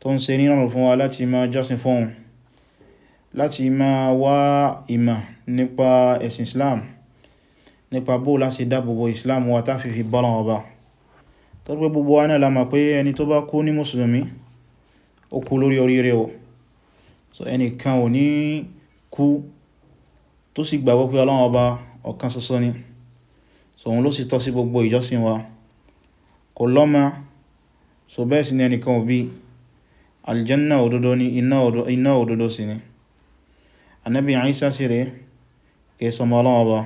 tó ń ṣe nírọ̀rùn fún wa láti máa jọ́sìn fún òun láti máa wá ìmọ̀ nípa ẹ̀sìn Islam nípa bó láti dáàbòbò Islam wa tá fífi bọ́lọ̀ ọba tó pé gbogbo wa náà la mọ̀ pé ẹni tó bá kú ní mùsùlùmí ó kú lórí oríire o so ẹnìkan ò ní kú tó sì gbàgbọ́ pé Ọlọ́run ọba ọ̀kan ṣoṣo ni so òun ló sì tọ́ sí gbogbo ìjọsìn wa kò lọ́mọ so bẹ́ẹ̀ sì ni ẹnìkan òbí aljanna òdodo ni iná òdodo sì ni ànábì Ìsá sì rẹ̀ kẹsọmọ Ọlọ́run Ọba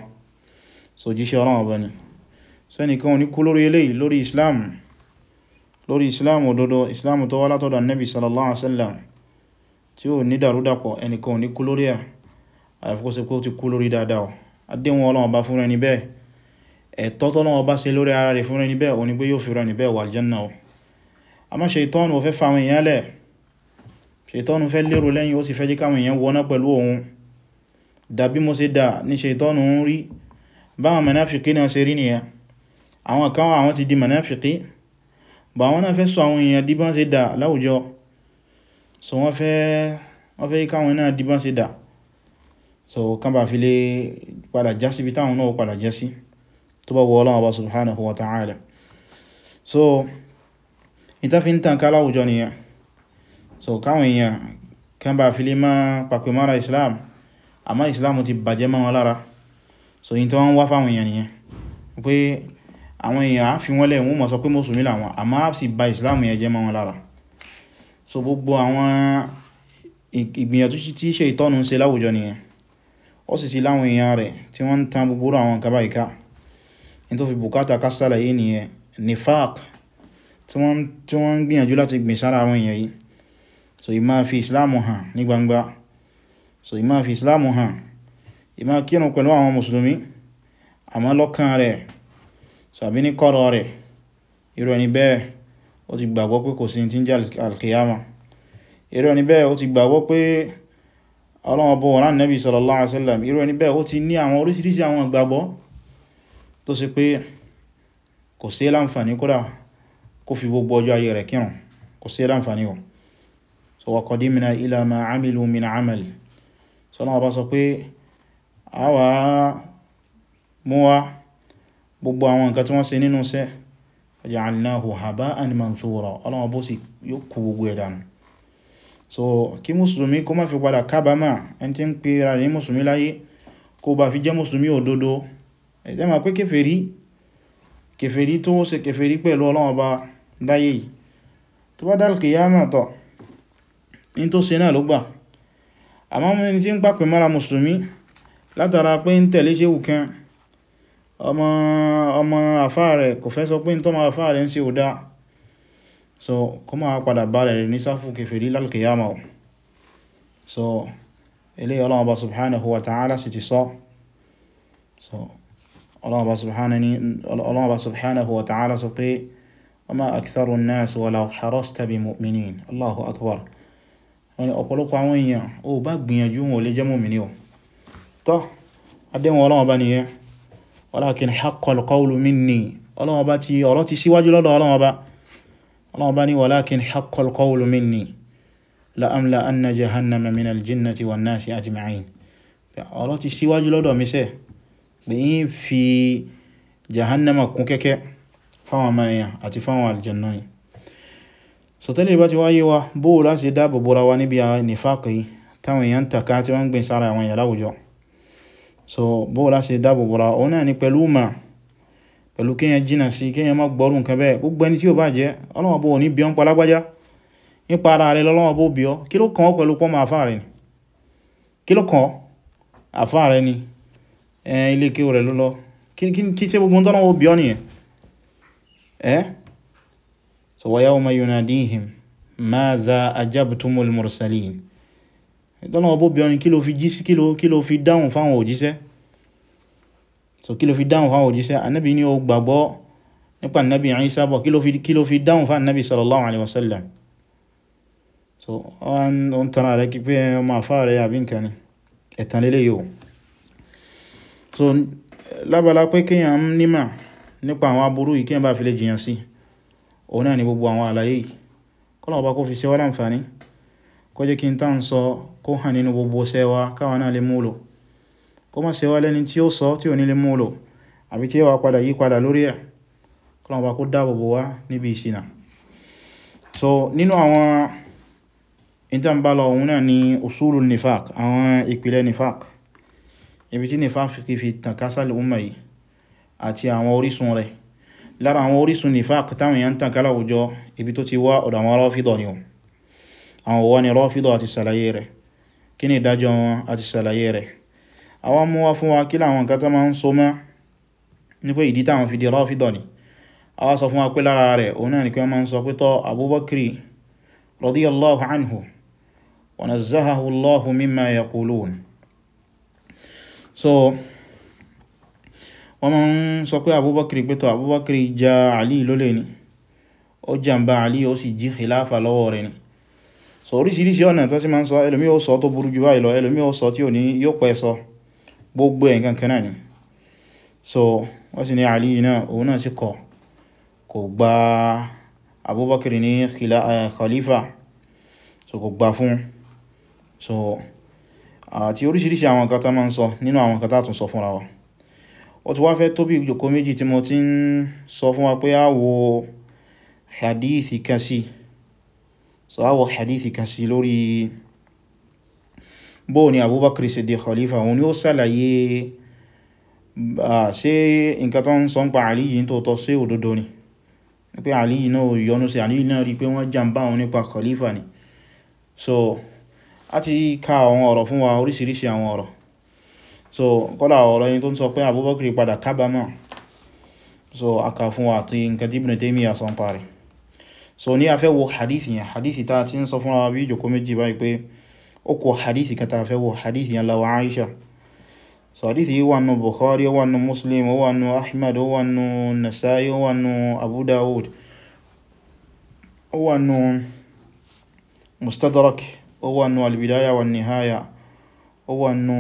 so jíṣẹ́ Ọlọ́run Ọba ni so ẹnìkan ò ní kú lórí eléyìí lórí Islam lórí Islam òdodo Islam tó wá látọ̀dọ̀ ànábì sallallahu alaihi wasallam tí ó ní dàrúdàpọ̀ ẹnìkan ò ní kú lórí ẹ̀ àyàfikọ́sí pé ó ti kú lórí dáadáa àdéhùn Ọlọ́run Ọba fún ẹni bẹ́ẹ̀ ẹ̀tọ́ tọ́lọ́run Ọba ṣe lórí ara rẹ̀ fún ẹni bẹ́ẹ̀ ó yóò fi rẹ̀ ní bẹ́ẹ̀ wà aljanna o àmọ́ Ṣáítánì ò fẹ́ fa àwọn èèyàn lẹ́ẹ̀ ṣeitọ́nù fẹ́ lérò lẹ́yìn ó sì fẹ́ jí káwọn èèyàn wọná pẹ̀lú òun dàbí mo ṣe dà ní ṣeitọ́nù ń rí báwọn mẹ́náfìkì náà ṣe rí nìyà àwọn kan àwọn ti di mẹ́náfìkì bà wọ́n náà fẹ́ sọ àwọn èèyàn díbọ́n ṣe dà láwùjọ so wọ́n fẹ́ wọ́n fẹ́ káwọn náà díbọ́n ṣe dà so kan bá fi lè padà já síbi táwọn náà padà já sí tó bá wọ Ọlọ́run Ọba subhanahu wa ta'ala so ìtafin tàn ká láwùjọ nìyẹn so káwọn èèyàn kan bá fi lè pàpẹ mọ́ra islam àmọ́ islam ti bàjẹ́ mọ́ wọn lára so yí tí wọ́n wá fáwọn èèyàn nìyẹn pé àwọn èèyàn á fi wọ́n lẹ̀ wọ́n mọ̀ sọ pé mùsùlùmí làwọn àmọ́ á sì bà islam yẹn jẹ́ mọ́ wọn lára so gbogbo àwọn ìgbìyànjú tí ṣe ìtọ́nù ń ṣe láwùjọ nìyẹn ó sì sí láwọn èèyàn rẹ̀ tí wọ́n ń tan gbogbo àwọn kaba ìka ní tó fi bùkátà kásálà yìí nìyẹn nifaq tí wọ́n ń gbìyànjú láti gbìn sára àwọn so ìmá fi islamu hàn ní gbangba so ìmá fi islamu hàn ìmá kírun pẹ̀lú àwọn mùsùlùmí àmọ́ lọ́kàn rẹ̀ sàbí ní kọ́rọ̀ rẹ̀ irú ẹni bẹ́ẹ̀ ó ti gbàgbọ́ pé kò sí tí ń alkiyama irú ẹni bẹ́ẹ̀ ó ti gbàgbọ́ pé Ọlọ́run bọ̀ wọ́n Nábì sallallahu alaihi wasallam irú ẹni bẹ́ẹ̀ ó ti ní àwọn oríṣiríṣi àwọn ìgbàgbọ́ tó sì pé kò sí láǹfàní kódà kó fi gbogbo ọjọ́ ayé rẹ̀ kírun kò sí láǹfàní wọn so wa qadimna ila ma amilu min amal so náà bá sọ pé a wà mú wá gbogbo àwọn nǹkan tí wọ́n ṣe nínú iṣẹ́ ja'alnahu haba'an manthura ọlọ́wọ́ bó sì yóò kú gbogbo ẹ̀dànù so kí mùsùlùmí kó má fi padà kábàámà ẹni tí ń pè ra ní mùsùlùmí láyé kó bá fi jẹ́ mùsùlùmí òdodo ẹ̀jẹ́ ma pé kèfèrí kèfèrí tó ṣe kèfèrí pẹ̀lú ọlọ́wọ́ bá dáyé tó bá dálkìyàmà tọ̀ ní tó ṣe náà ló gbà àmá mú mẹ́ni tí ń pàpẹ mara musulmi látara pé ń tẹ̀lé ṣe wùkẹ́ ọmọ ọmọ àfá rẹ̀ kò fẹ́ sọ pé ń tọ́mọ àfá rẹ̀ ń ṣe ò dá so kọ́ máa padà bá rẹ̀ ní sáfù kèfèrí lálkìyàmà so ilé ọlọ́wọ́ bá subhanahu wa ta'ala so wa ta'ala sọ pé wa ma aktharun nas walau harasta bi mu'minin Allahu akbar ọ̀pọ̀lọpọ̀ àwọn èèyàn o bá gbìyànjú wọn ò lè jẹ́ mùmínì o tọ́ adéhùn ọlọ́wọ́ bá nìyẹn walakin haqqal qawlu minni ọlọ́wọ́ bá ti ọ̀rọ̀ ti síwájú lọ́dọ̀ ọlọ́wọ́ bá ọlọ́wọ́ bá ní walakin haqqal qawlu minni la amla anna jahannama min aljinnati wan nasi ajma'in ọ̀rọ̀ ti síwájú lọ́dọ̀ mi sẹ́ pé yí fi jahannama kún kẹ́kẹ́ fáwọn mẹ́rin àti fáwọn aljanna yìí so tẹ́lẹ̀ bá ti wáyé wa bóò láti dáàbò bóra wa níbi nìfàkì táwọn èèyàn tàkà tí wọ́n gbìn sára àwọn èèyàn láwùjọ so bóò láti dáàbò bóra òun náà ni pẹ̀lú mà pẹ̀lú kíyàn jìnà sí kíyàn má gbọ́rù nǹkan bẹ́ẹ̀ gbogbo ẹni tí ó bá jẹ́ ọlọ́wọ́ bó ní bíọ́n palágbájá nípa ara rẹ̀ lọ́lọ́wọ́ bó bíọ́ kí ló kàn ọ́ pẹ̀lú pọ́mọ àfáà rẹ̀ ni kí ló kàn ni ilé So وَيَوْمَ يُنَادِيهِمْ مَاذَا أَجَبْتُمُ الْمُرْسَلِينَ ìtọ́lọ̀wọ̀ bó bíọ́ni kí ló fi jí sí kí ló fi dáhùn fáwọn òjíṣẹ́ so kí ló fi dáhùn fáwọn òjíṣẹ́ annabi ni ó gbàgbọ́ nípa annabi Isa bọ̀ kí ló fi dáhùn fáwọn annabi sallallahu alaihi wasallam so wọ́n tara rẹ̀ kí pé ọmọ àfá rẹ̀ àbí nǹkan ni ẹ̀tàn lélẹ̀ yóò so lábala pé kíyàn nímà nípa àwọn aburú yìí kíyàn fi lè jìyàn si òun náà ni gbogbo àwọn àlàyé yìí kọ́lọ̀ ọba kó fi ṣe wá láǹfààní kó jẹ́ kí n tán sọ kó hàn nínú gbogbo sẹ́wa káwa náà lè múlò kó má ṣe wá lẹ́ni tí ó sọ tí ò ní lè múlò àbí tí wà padà yí lórí ẹ̀ kọ́lọ̀ ọba kó dáàbòbò wá níbi ìṣìnà so nínú àwọn ìtànbálọ òun náà ni usulu nifak. àwọn ìpìlẹ̀ nifak. ibi tí nifaq fi tàn kásálì umma yìí àti àwọn orísun rẹ̀ lára àwọn orísun nifaq táwọn èèyàn tàn kálá àwùjọ ibi tó ti wá ọ̀dọ̀ àwọn rọ́fídọ̀ ni àwọn wọ́n ni rọ́fídọ̀ àti sàlàyé rẹ̀ kí ni ìdájọ́ wọn àti sàlàyé rẹ̀ àwọn mú wá fún wa kí láwọn nǹkan tó máa ń so mọ́ ní ìdí táwọn fi di rọ́fídọ̀ ni àwọn sọ fún wa pé lára rẹ̀ òun náà so wọ́n ma ń sọ pé abubakar pẹ́tọ̀ abubakar ja ali lólè ni ó jàmbá ali ó sì jí khilafa lọ́wọ́ rẹ̀ ni so oríṣiríṣi ọ̀nà tó sì ma ń sọ ẹlòmí ó sọ tó burú jù báyìí lọ ẹlòmí ó sọ tí ò ní yóò pẹ́ sọ gbogbo ẹ̀ nǹkan kanáà ni so wọ́n sì ní ali náà òun náà eh, khalifa so kò gba fún so àti oríṣiríṣi àwọn nǹkan tá ma ń sọ nínú àwọn ó ti wá fẹ́ tó bí ìjòkó méjì tí mo ti ń sọ fún wa pé a wo hadithi kan sí so a wo hadithi kan sí lórí bóò ni Abubakar Siddiq khalifa òun ni ó sàlàyé ṣe nǹkan tó ń sọ ń pa Àlí yìí tó tọ́ sí òdodo ni pé Àlí yìí náà yọnú sí Àlí náà rí pé wọ́n jàmbá òun nípa khalifa ni so a ti ka àwọn ọ̀rọ̀ fún wa oríṣiríṣi àwọn ọ̀rọ̀ so kọ́lá ọ̀rọ̀ yìí tó ń sọ pé Abubakar padà kábàámọ̀ so aka fún wa àti nǹkan tí Ibn Taymiyyah sọ parí so ní afẹ́ wo hadith yẹn hadith ta ti ń sọ fún wa bí ìjòkó méjì báyìí pé ó kò hadith kata afẹ́ wo hadith yẹn lawa Aisha so hadith yìí wà nù Bukhari wà nù Muslim wà nù Ahmad wà nù Nasa'i wà nù Abu Dawud wà nù Mustadrak wà nù al wà Nihaya wà nù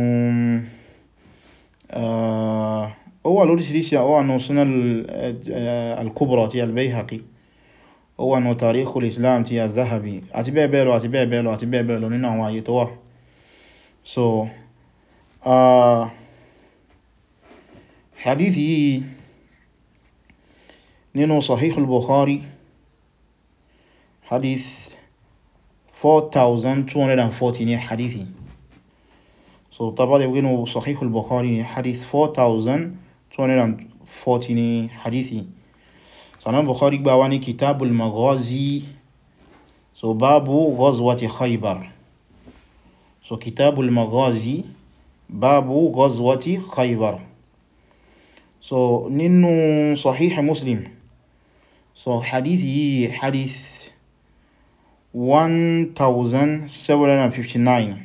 ó wà lóríṣìíríṣìí ó wà nínú sunan al-kubra ti al-bayhaqi ó wà nínú tarikhul islam ti al-zahabi àti bẹ́ẹ̀ àti bẹ́ẹ̀ àti bẹ́ẹ̀ nínú àwọn àyè tó wà so uh, hadith yìí nínú sahih al-bukhari hadith 4240 ní hadith yìí So Tabari again will Sahih al-Bukhari hadith 4240 hadithi. So now Bukhari gba wa ni maghazi So babu ghazwati Khaybar. So kitabul maghazi babu ghazwati Khaybar. So nínú Sahih Muslim. So hadithi hadith 1759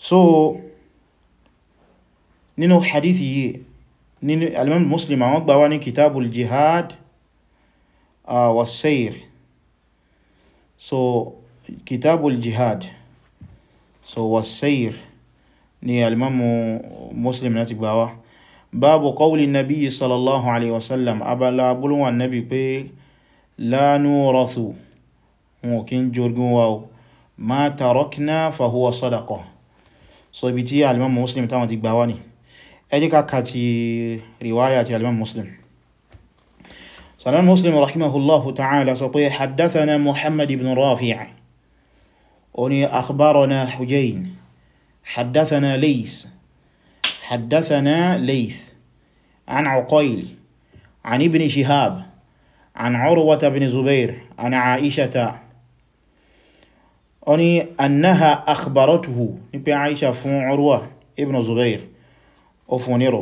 so nínú hadith yìí nínú alimam muslim àwọn gbà wá ní kitabul jihad wa sayr so kitabul jihad so wa sayr ni alimam muslim láti gbà wá babu qawli nabi sallallahu alaihi wasallam abala bulwan nabi pé la nurathu wọn kí jorgun wa ma tarakna fahuwa sadaqah so ibi tí alimam muslim táwọn ti gbà wá ní ẹ jẹ́ ká ka ti riwaya ti alimam muslim salam muslim rahimahullahu ta'ala sọ pé haddathana muhammad ibn rafi'a ó ní akhbarana hujayn haddathana lays haddathana lays an uqayl an ibn shihab an urwata ibn zubair an aishata ó ní annaha akhbaratuhu ní pé aisha fún urwa ibn zubair ó fún nírò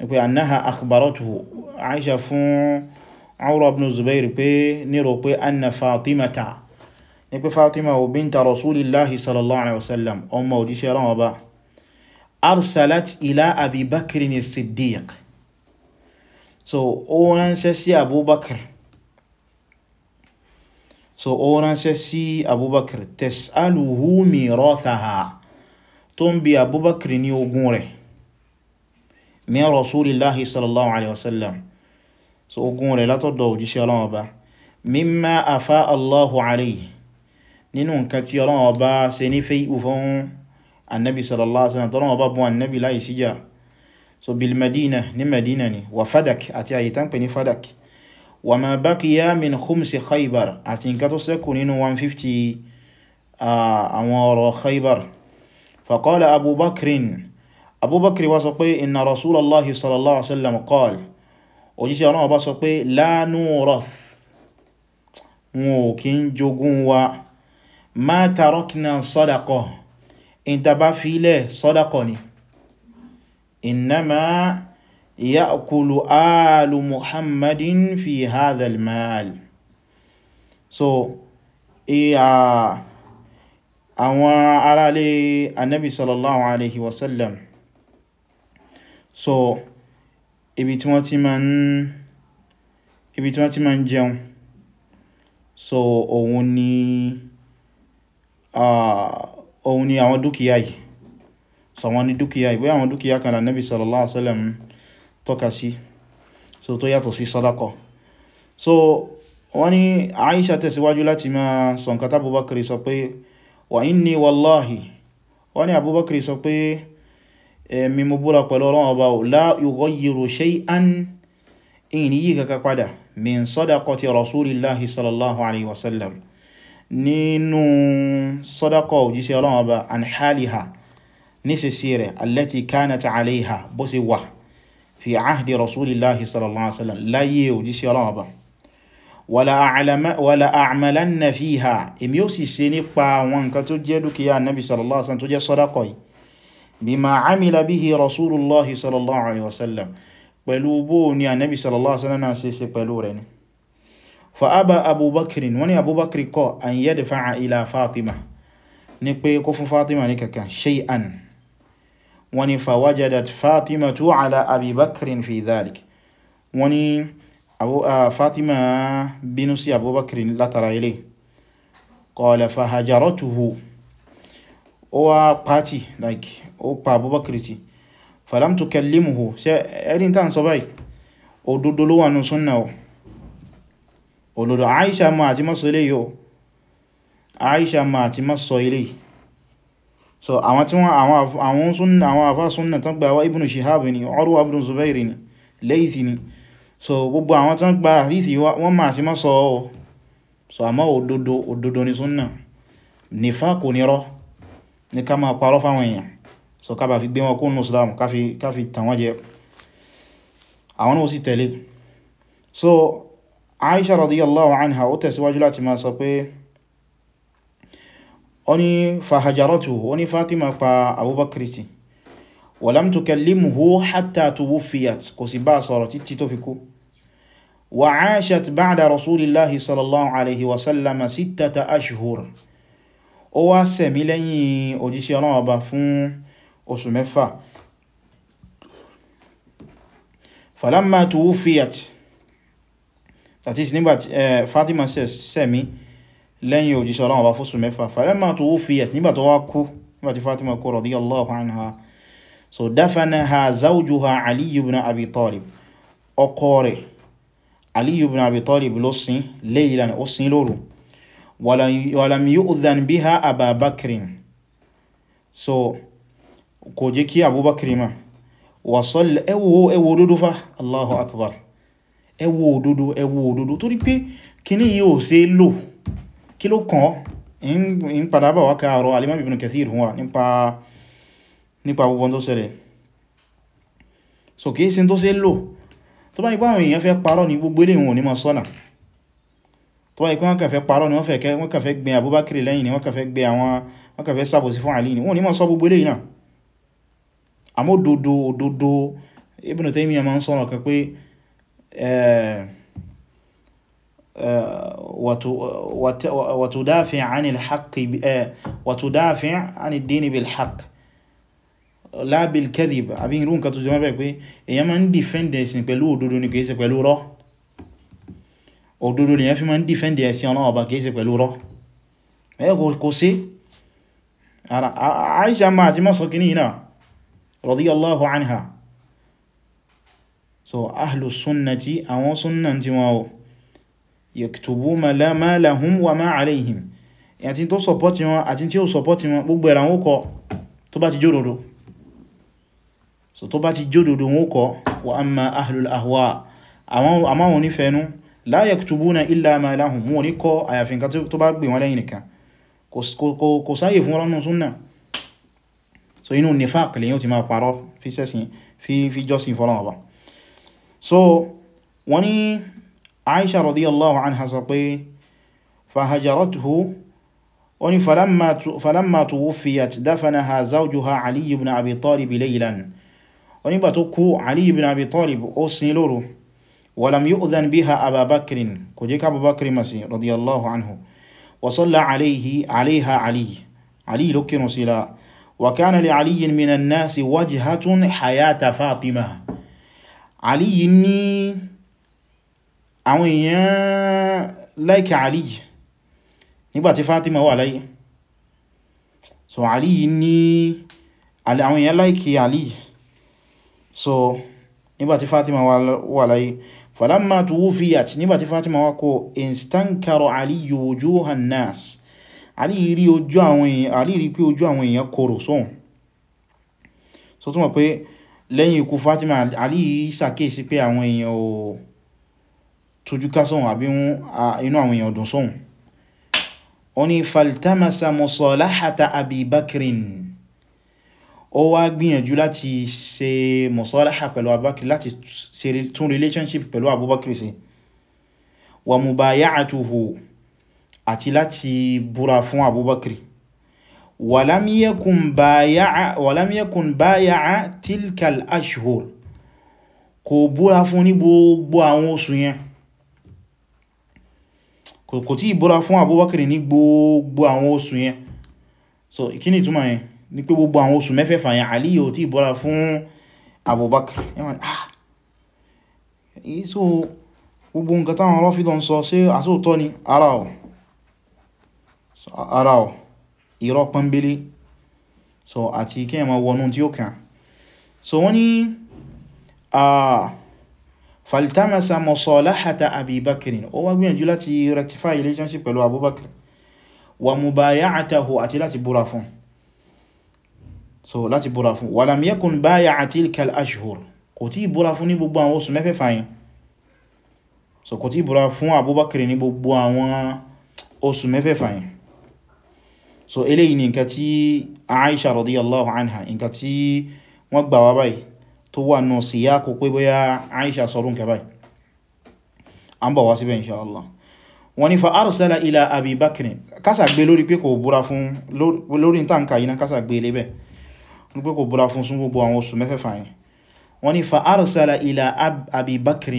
ní pé annaha akhbaratuhu aisha fún urwa ibn zubair pé nírò pé anna fatimata ní pé fatima wa binta rasulillahi sallallahu alaihi wasallam ọmọ òjíṣẹ́ ran ọba arsalat ila abi bakr ni siddiq so ó ránṣẹ́ sí abubakar so ó ránṣẹ́ sí abubakar tes'aluhu mirathaha tó ń bi abubakar ní ogún rẹ̀ min rasulillahi sallallahu alaihi wasallam so ogún rẹ̀ látọ̀dọ̀ òjíṣẹ́ Ọlọ́run Ọba mimma afa allahu alaihi nínú nǹkan tí Ọlọ́run Ọba ṣe ní fẹ́ ìfún annabi sallallahu alaihi wasallam tọ́lọ́run Ọba bún annabi láì síjà wa ma baqiya min khumsi khaybar àti nǹkan tó ṣẹ́kù nínú 150 àwọn ọ̀rọ̀ khaybar faqala abubakrin abubakri wá sọ pé inna rasulallahi sallallahu alaihi wasallam qal òjíṣẹ́ ọ̀nà ọba sọ pé la nurath wọn ò kí ń jogún wa ma tarakna sadaqah in ta bá fílẹ̀ sadaqah ni innama يأكل آل Muhammadin fi هذا المال so iya àwọn aráalé annabi sallallahu alaihi wasallam so ibi tí wọ́n ti máa ń ibi tí wọ́n ti máa ń jẹun so òun ni òun ni àwọn dúkìá yìí so àwọn ni dúkìá yìí bóyá àwọn dúkìá kan annabi sallallahu alaihi wasallam tọ́ka sí so tó yàtọ̀ sí sọ́dákọ̀ so wọ́n ni Aisha tẹ̀síwájú láti máa sọ nǹkan tábúbákiri sọ pé wa inni wallahi wọ́n ni Abubakiri sọ pé èmi mo búra pẹ̀lú Ọlọ́run Ọba la yughayyiru shay'an in yí kaka padà fi ahdi rasulillahi sallallahu alaihi wasallam láyé òjíṣẹ́ Ọlọ́run Ọba wala a'malanna fiha èmi ó sì ṣe nípa àwọn nǹkan tó jẹ́ dúkìá nabi sallallahu alaihi wasallam tó jẹ́ sadaqa yìí bima amila bihi rasulullahi sallallahu alaihi wasallam pẹ̀lú bó ní ànábì sallallahu alaihi wasallam ṣe ṣe pẹ̀lú rẹ̀ ni fa aba abubakrin wani abubakri kọ̀ an yadfa'a ila fatima ni pé kó fún fatima ní kankan shay'an wọ́n ni fawajadat fatimatu ala abi bakrin fi dhalik wọ́n ni fatima bínú sí abubakrin látara ilé qala fahajaratuhu ó wá pàtí like ó pa abubakrin ti falam tukallimuhu ṣe ẹ̀rin tàn sọ báyìí òdodo ló wà ní súnnà ọ̀ òdodo aisha ma àti masọ ilé yóò so àwọn tí wọ́n àwọn sunna àwọn àfá sunna tán gba wa ibn shihab ni urwa ibn zubair ni laythi ni so gbogbo àwọn tán gba hadithi wọ́n ma sí mọ́sọ ọ́ so àmọ́ òdodo òdodo ni sunna nifaq ni rọ́ ní ká máa parọ́ fáwọn èèyàn so ká bá fi gbé wọn kó nù islam ká so aisha radiyallahu anha ó tẹ̀síwájú láti máa sọ ó ní fahajaratuhu ó ní fatima pa abubakar tì walam tukallimhu hatta tuwufiyat kò sì bá sọ̀rọ̀ títí tó fi kú wa aashat ba'da rasulillahi sallallahu alaihi wasallam sittata ashhur ó wá ṣẹ̀mí lẹ́yìn òjíṣẹ́ Ọlọ́run Ọba fún oṣù mẹ́fà falamma tuwufiyat that is lẹ́yìn òjíṣẹ́ Ọlọ́run bá fóṣù mẹ́fà falamma tuwufiyat nígbà tó wá kú nígbà tí Fatima kú radiyallahu anha so dafanaha zawjuha Ali ibn Abi Talib ọkọ rẹ̀ Ali ibn Abi Talib ló sin laylan ó sin lóru walam yu'dhan biha Aba so kò jẹ́ kí Abubakar ma wasal ẹwọ ẹwọ òdodo fa Allahu akbar ẹwọ òdodo ẹwọ òdodo torí kí ló kàn in padà bá wá ká ọ̀rọ̀ alimami ibn kathir wọn nípa nípa gbogbo tó ṣẹlẹ̀ so kìí sin tó ṣe lò tó bá ipá àwọn èèyàn fẹ́ parọ́ ní gbogbo ilé wọn ní ma sọ́nà tó bá ipá wọn kàfẹ́ parọ́ ní wọ́n kàfẹ́ gbé ni wọ́n kàfẹ́ gbé àwọn wọ́n kàfẹ́ ni wọ́n ní ma sọ gbogbo dodo dodo Ibn Taymiyyah ma ń وتدافع عن الحق وتدافع عن الدين بالحق لا بالكذب àbí irú nǹkan tó jẹ mọ́ bẹ́ẹ̀ pé èyàn máa ń defend ẹ̀sìn pẹ̀lú òdodo ni kìí ṣe pẹ̀lú rọ́ òdodo lèyàn fi máa ń defend ẹ̀sìn ọ̀nà ọba kìí ṣe pẹ̀lú rọ́ ẹ̀ kò sí Aisha ma àti mọ́sọ̀ kìí náà radiyallahu anha so ahlus sunnati àwọn sunnati wọn o yaktubu la ma lahum wa ma alayhim àti tó sọpọ́tí wọn àti tí ó sọpọ́tí wọn gbogbo ẹ̀rà wọn kọ tó bá ti jódodo so tó bá ti jódodo wọn kọ wa amma ahlul ahwa àmá wọn ní fẹ́nu la yaktubuna illa ma lahum wọn ní kọ àyàfin kan tó bá gbé wọn lẹ́yìn nìkan kò sáyè fún ránù súnnà so inú nifaq lè yóò ti máa parọ́ fi fọ́lọ́wọ́ so wọ́n ni عائشة رضي الله عنها سطي فهجرته فلما, فلما توفيت دفنها زوجها علي بن أبي طالب ليلا ونبتكو علي بن أبي طالب أسنلور ولم يؤذن بها أبا بكر كجيك أبا بكر مسي رضي الله عنه وصلى عليه عليها علي علي لكن سلا وكان لعلي من الناس وجهة حياة فاطمة علي نيه àwọn èèyàn like Ali nígbàtí Fatima wà láyé so Ali ní àwọn èèyàn like Ali so nígbàtí Fatima wà láyé falamma tuwufiyat nígbàtí Fatima wà kó instankaro Ali wujuhan nas Ali rí pé ojú àwọn èèyàn korò sóhun so túnmọ̀ pé lẹ́yìn ikú Fatima Ali sàkéèsí pé àwọn èèyàn ooo tújúká sóhun àbí inú àwọn èèyàn dùn sóhun ó ní faltamasa musalahata abi bakrin ó wá gbìyànjú láti ṣe musalaha pẹ̀lú abubakir láti tún relationship pẹ̀lú abubakir ṣe wa mubaya'atuhu àti láti búra fún abubakir walam yakun baya'a walam yakun baya'a tilkal ashhur kò búra fún ní gbogbo àwọn oṣù yẹn kò tí ìbúra fún Abubakar ní gbogbo àwọn oṣù yẹn so ìkíni ìtumọ̀ yẹn ni pé gbogbo àwọn oṣù mẹ́fẹ̀ẹ̀fà yẹn Ali ò tí ìbúra fún Abubakar ah! so gbogbo nǹkan táwọn Rọ́fídọ̀ ń sọ ṣé àsóòtọ́ ni ara ọ̀ ara so àti kí ẹ̀mọ̀ wọnú tí so wọ́n ah faltamasa musalahata abi bakrin ó wá gbìyànjú láti rectify relationship pẹ̀lú abubakar wa mubaya'atahu àti láti búra fún so láti búra fún walam yakun baya'a tilka al-ashhur kò tí búra fún ní gbogbo àwọn oṣù mẹ́fẹ́fà yẹn so kò tí búra fún abubakar ní gbogbo àwọn oṣù mẹ́fẹ́fà yẹn so eléyìí ni nǹkan tí aisha radiyallahu anha nǹkan tí wọ́n gbà wá báyìí tó wà náà sí yá kò pé bóyá Aisha sọrún kẹbàí an bọ̀ wá síbẹ̀ insha Allah wọ́n ní fa arsala ila Abi Bakr kásà gbé lórí pé kò búra fún lórí tànkà yína kásà gbé lébẹ̀ ní pé kò búra fún sún gbogbo àwọn oṣù mẹ́fẹ́fà yìí wọ́n ní fa arsala ila Abi Bakr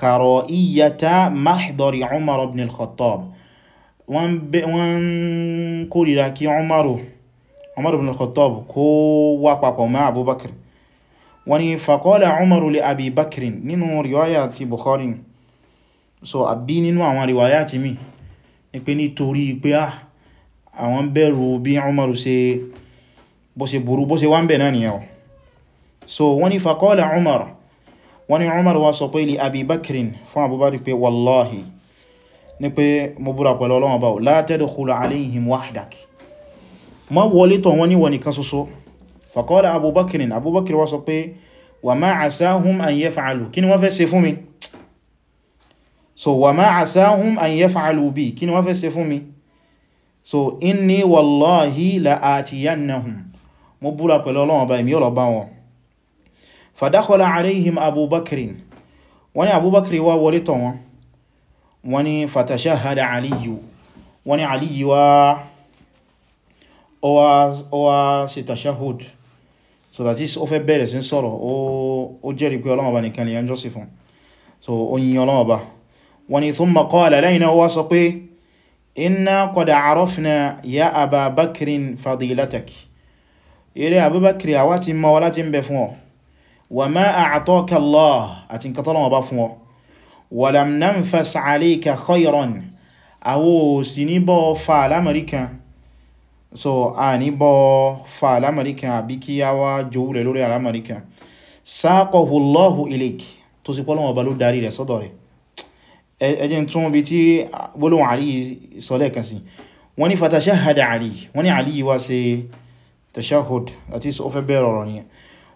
kàrọ̀íyàtà mahdori umar ibn al-khattab wọ́n kórìíra kí umar ibn al-khattab kó wà papọ̀ mọ́ abubakar wọ́n ni faqala umar li abi bakrin nínú riwaya ti bukhari so àbí nínú àwọn riwaya ti mi ni pé nítorí pé ah, àwọn bẹ̀rù bí umar ṣe bó ṣe burú bó ṣe wá ń bẹ̀ náà nìyàwó so wọ́n ni faqala wọ́n ni Umar wá sọ pé li Abi Bakrin fún Abubakar pé wallahi ní pé mo búra pẹ̀lú Ọlọ́run báwọ̀ la tadkhulu alayhim wahdak ma wọlé tọ̀ wọ́n ní wọ́n nìkan ṣoṣo faqala Abubakrin Abubakar wá sọ pé wa ma asahum an yaf'alu kí ni wọ́n fẹ́ ṣe fún mi so wa ma asahum an yaf'alu bi kí ni wọ́n fẹ́ ṣe fún mi so inni wallahi la mo búra pẹ̀lú Ọlọ́run bá èmi yóò lọ bá wọn fàdákọ́lá àríhìm abubakarin wọ́n ni abubakar wá wọlé tọ̀ wọn wọ́n ni fàtàṣà hada aliyu wọ́n ni aliyu wá ọwá sí tashahud so that is ó fẹ́ bẹ̀rẹ̀ sí sọ̀rọ̀ ó jẹ́rìí pé ọlọ́mọba nìkan lè yánjọ́ sí fún so ó ọlọ́mọba wọ́n ni thumma qala lẹ́yìn sọ pé inna qad arafna ya ababakrin fadilatak ire abubakar àwa ti mọ́ láti ń bẹ fún ọ wa ma a'ataka Allah àti nǹkan t'Ọlọ́run bá fún ọ walam nanfas alayka khayran àwọ òsì níbọ̀ fa alamarikan so a níbọ̀ fa alamarikan àbí kí a wá jòwúrẹ̀ lórí alamarikan saqahu Allahu ilayk tó sì pọ́lọ́wọ́ bá ló darí rẹ̀ sọ́dọ̀ rẹ̀ ẹjẹ́ tún bí tí gbólóhùn àrí sọ́lẹ̀ kan sí wọ́n ní fatashahada tashahud àti ó fẹ́ bẹ̀rẹ̀ ọ̀rọ̀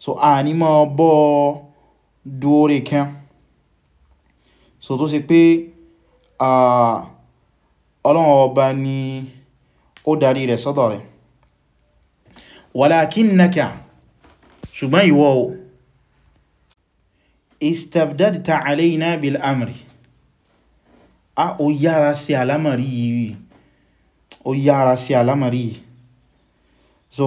so a ní máa bọ́ du orí so tó ṣe pé Ọlọ́run ọba ni ó darí rẹ̀ sọ́dọ̀ rẹ̀ walakinnaka ṣùgbọ́n ìwọ o istabdadta alayna bil amri a o yára sí alamari yìí o yára sí alamari yìí so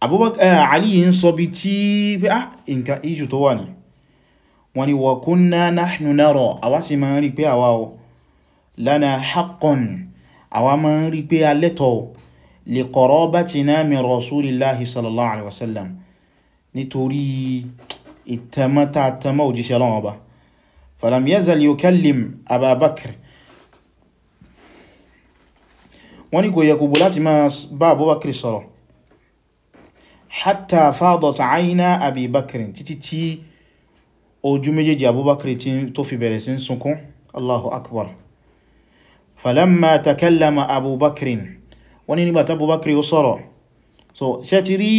Abubakar eh, Ali ń sọ bí tí pé á ah, nǹkan issue tó wà ní wọ́n ni wa kunna nahnu nara àwa sì máa ń rí pé àwa o lana haqqun àwa máa ń rí pé alẹ́tọ̀ li qarabatina min rasulillahi sallallahu alaihi wasallam nítorí ìtẹ́mọ́ta hatta fadat aina abi bakrin títí tí ojú méjèèjì abubakar tó fi bẹ̀rẹ̀ sí sunkún allahu akbar falamma takallama abubakrin wani nígbà tí abubakar ó sọ̀rọ̀ so ṣe ti rí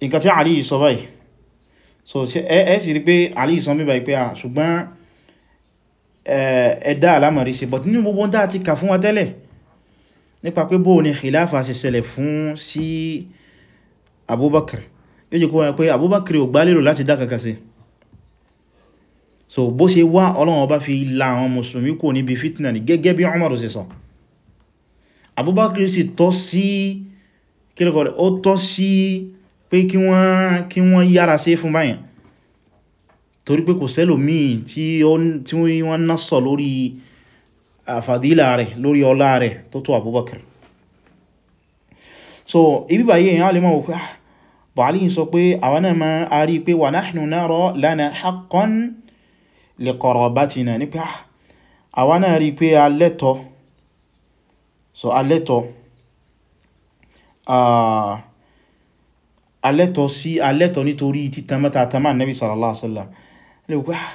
nǹkan tí aliyu sọ báyìí so ẹ sì rí pé aliyu sọ bíbáyìí pé a ṣùgbọ́n ẹ̀dá alamari ṣe but nínú gbogbo dáa ti kà fún wa tẹ́lẹ̀ nípa pé bóò ni khilafa ṣe ṣẹlẹ̀ fún sí si, abubakar yóò jẹ́ kó wáyé pé abubakar ò gbálérò láti dákaka sí so bó ṣe wá ọlọ́run ọba fi la àwọn mùsùlùmí kò níbi fitna ní gẹ́gẹ́ bí Umar ṣe sọ abubakar sì tọ́ sí kílẹ̀kọ́ rẹ̀ ó tọ́ sí pé kí wọ́n kí wọ́n yára ṣe fún báyìí torí pé kò sẹ́lòmíì tí wọ́n ná lórí àfàdílà rẹ̀ lórí ọlá rẹ̀ tó tó abubakar so ibi báyìí èyàn alẹ́mọ̀ wò pé ah bọ̀álí sọ pé àwọn náà ma a rí pé wà náà nárọ̀ lánàá haqqan lè kọ̀rọ̀ bá ti nà ní pé ah, àwọn náà rí pé alẹ́tọ̀ so alẹ́tọ̀ alẹ́tọ̀ ah, sí alẹ́tọ̀ nítorí títan mẹ́ta tamá nẹ́bí sallallahu alaihi wasallam ah,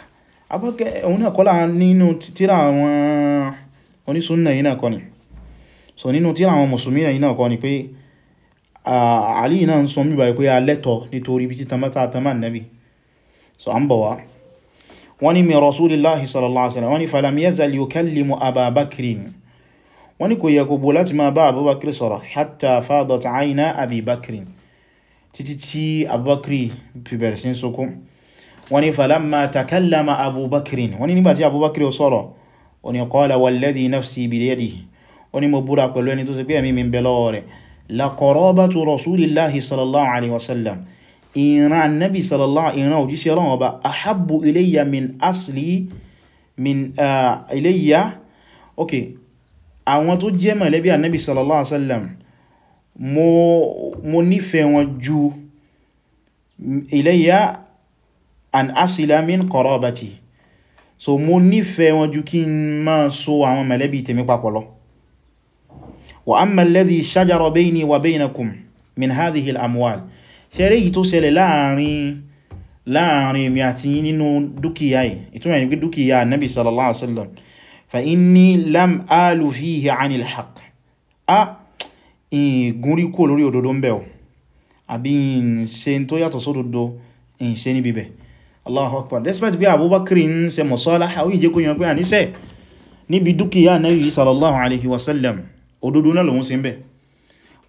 abọ́kẹ́ òun náà kọ́lá nínú àlì náà ń sọ mí báyìí pé a lẹ́tọ̀ nítorí bí títa mẹ́ta tamá nabi so an bọ̀ wá wọ́n ni min rasulillahi sallallahu alaihi wasallam wọ́n ni falam yazal yukallimu aba bakrin wọ́n ni kò yẹ kò bó láti máa bá abubakir sọ̀rọ̀ hatta sí sọkún wọ́n ni wọ́n ni mo búra pẹ̀lú ẹni tó sì pé ẹ̀mí mi ń bẹ lọ́wọ́ rẹ̀ laqarabatu rasulillahi sallallahu alaihi wasallam ìran nabi sallallahu ìran òjíṣẹ́ Ọlọ́run ọba ahabbu ilayya min asli min ilayya ok àwọn tó jẹ́ mọ̀lẹ́bí annabi sallallahu alaihi wasallam mo mo nífẹ̀ẹ́ wọn ju ilayya an asila min qarabati so mo nífẹ̀ẹ́ wọn ju kí n máa so àwọn mọ̀lẹ́bí tèmi papọ̀ واما الذي شجر بيني وبينكم من هذه الاموال شري توسل لارين لارين ياتي نينو دوكياي ايتو يعني دوكيا النبي صلى الله عليه وسلم فاني لم آل فيه عن الحق ا غوري كو لوري اودودو نبهو ابي سين تو ياتو سودودو ان سيني بيبي الله اكبر despite be abubakar in se musalaha o je ko yan pe ani se ni bi dukiya nabi sallallahu alaihi wasallam òdodo náà lòun ṣe ń bẹ̀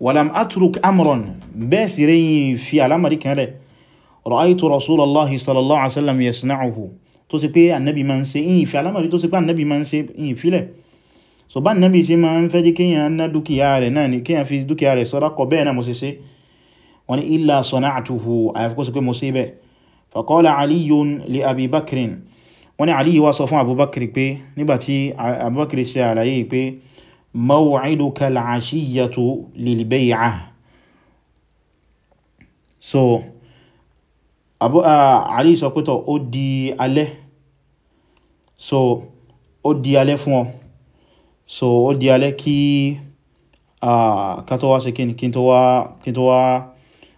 walam atruk amran bẹ́ẹ̀ sì rẹ̀ yìí fi alamari kan rẹ̀ ra'aytu rasulallahi sallallahu alaihi wasallam yasna'uhu tó sì pé annabi ma ń ṣe yìí fi alamari tó sì pé annabi ma ń ṣe yìí filẹ̀ so bá annabi ṣe ma ń fẹ́ jí kíyàn ná dúkìá rẹ̀ náà ni kíyàn fi dúkìá rẹ̀ sọ́rọ́kọ̀ bẹ́ẹ̀ náà mo sì ṣe wọ́n ni illa sọ fún abubakar pé nígbàtí abubakar ṣe àlàyé pé maw'iduka al-'ashiyyatu lil so abu uh, ali sọ pé tọ́ ó di alẹ́ so ó di alẹ́ fún ọ so ó di alẹ́ kí uh, ká tó wá ṣe kí n tó wá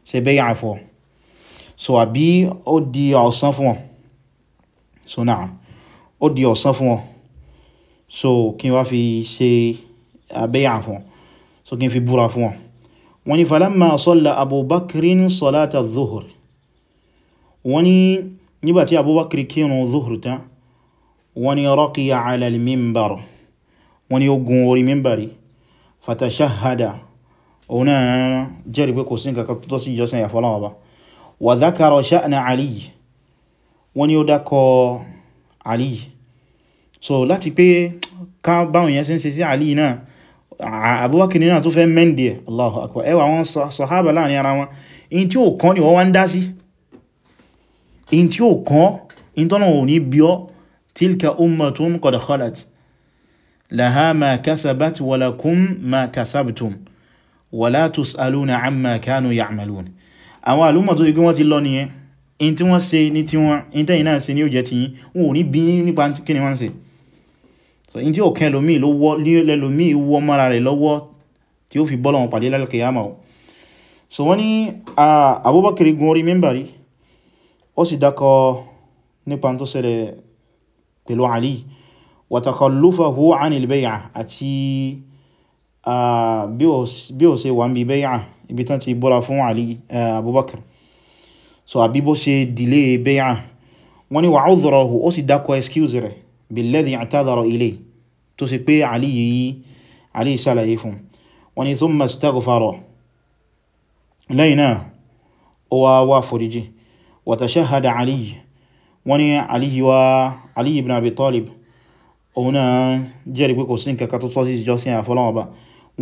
ṣe bay'ah fún ọ so àbí ó di ọ̀sán fún ọ so náà ó di ọ̀sán fún ọ so kí n wá fi ṣe bay'a fún so kí n fi búra fún wọn wọ́n ni falamma salla abubakirin salata zuhur wọ́n ni nígbàtí abubakir kírun zuhur tán wọ́n ni raqiya ala al-mimbar wọ́n ni ó gun orí mimbari fatashahada òun náà jẹ́rì pé kò sí nǹkan tó sí ìjọsìn àfọlọ́wọ́ ba wa dhakara sha'na ali wọ́n ni ó dákọ̀ ali so láti pé ká báwọn yẹn sí ali náà Ah, Abubakar náà tó fẹ́ mẹ́ndì ẹ̀ Allahu akbar ẹwà wọn sọ̀hábà láàrin ara wọn in tí ó kàn ní wọ́n wá ń dá sí in tí ó kàn in tọ́nà ò ní bí ọ́ tilka ummatun qad khalat laha ma kasabat walakum ma kasabtum wala tus'aluna amma kanu ya'malun àwọn àlúmọ̀ tó igú wọ́n ti lọ nìyẹn in tí wọ́n ṣe ní tí wọ́n in tẹ́yìn náà ṣe ní ó jẹ́ ti yín wọn ò ní bí nípa kí wọ́n ṣe so in tí ó kẹ́ lómí wọ́ mara rẹ̀ lọ́wọ́ tí ó fi bọ́lọ̀wọ̀n pàdé lálkìyàmà o so wọ́n ní Abubakar gun orí mímbàrí ó sì dákọ nípa tó ṣẹlẹ̀ pẹ̀lú Ali wa takhallufahu 'anil bay'ah àti bí ó ṣe wà ń bí bay'ah ibi tán ti bọ́ra fún Ali Abubakar so àbí bó ṣe dìlé bay'ah wọ́n ní wa 'udhrahu ó sì dákọ excuse rẹ̀ billadhi i'tadhara ilayhi tó sì pé àlì yìí àlì ìsàlàyé fún wọ́n ni thumma istaghfara lẹ́yìn náà ó wá wá foríjì wa tashahhada àlì wọ́n ni àlì ibn Abi Talib òun náà jẹ́rìí pé kò sí nǹkan kan tó tọ́ sí ìjọsìn àfọlọ́wọ́ bá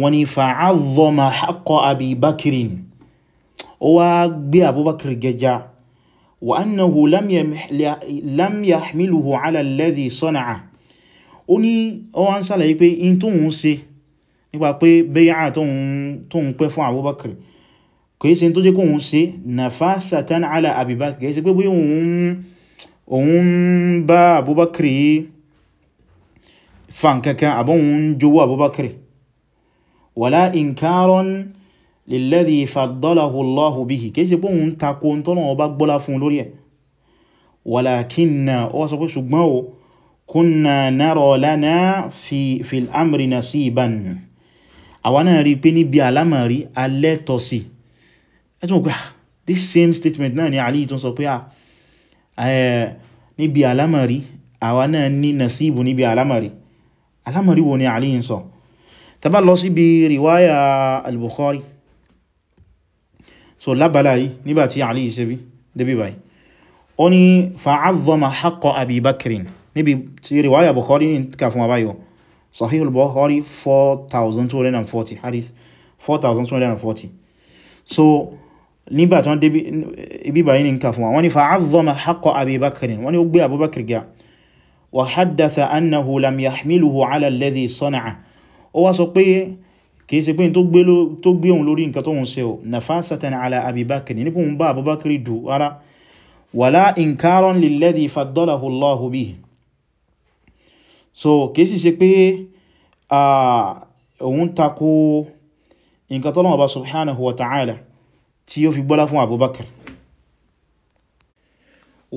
wọ́n ni fa'azzama haqqa Abi Bakrin ó wá gbé Abubakar gẹja wa annahu lam yahmiluhu ala alladhi sana'a ó ní ọwá ń sàlàyé pé in tó ń ṣe nípa pé bẹ́yà tó ń pẹ́ fún Abubakar kìí ṣe tó jẹ́ kóhun ṣe nafasatan ala Abi Bakr kìí ṣe pé bí òun bá Abubakar fa nkankan àbọ́hun jowó Abubakar wala inkaron lilladhi faddalahu Allahu bihi kìí ṣe pé òun takò tọ́nà ọba gbọ́lá fún lórí ẹ̀ walakinna ó sọ pé ṣùgbọ́n o kunna nara lana fi fil amri nasiban àwọn náà rí pé níbi alámàrí alẹ́tọ̀ ẹjọ́ gbà ah, this same statement náà ni Ali tó sọ pé ah, níbi alámàrí àwọn náà ní nasibu níbi alámàrí alámàrí wo ni Ali ń sọ tàbá lọ sí bí riwaya al-Bukhari so lábàlá yìí nígbàtí Ali ṣe bí débí báyìí níbi tí riwaya bukhari ní ká fún àbáyọ sahihul bukhari 4240 hadith 4240 so nígbà tí wọ́n dé ibi báyìí ní ká fún wọn ni fa'azzama haqqa abubakarin wọ́n ni ó gbé abubakar ga wa haddatha annahu lam yahmiluhu ala alladhi sana'a ó wá sọ pé kìí ṣe pé tó gbé òun lórí nǹkan tó ń ṣe o nafasatan ala abubakar nípa òun bá abubakar dù ara wala inkaron lilladhi faddalahu allahu bihi so kìí sì ṣe pé òun takò nǹkan tọ́lọ́wọ́ bá subhanahu wa ta'ala tí ó fi gbọ́lá fún abubakar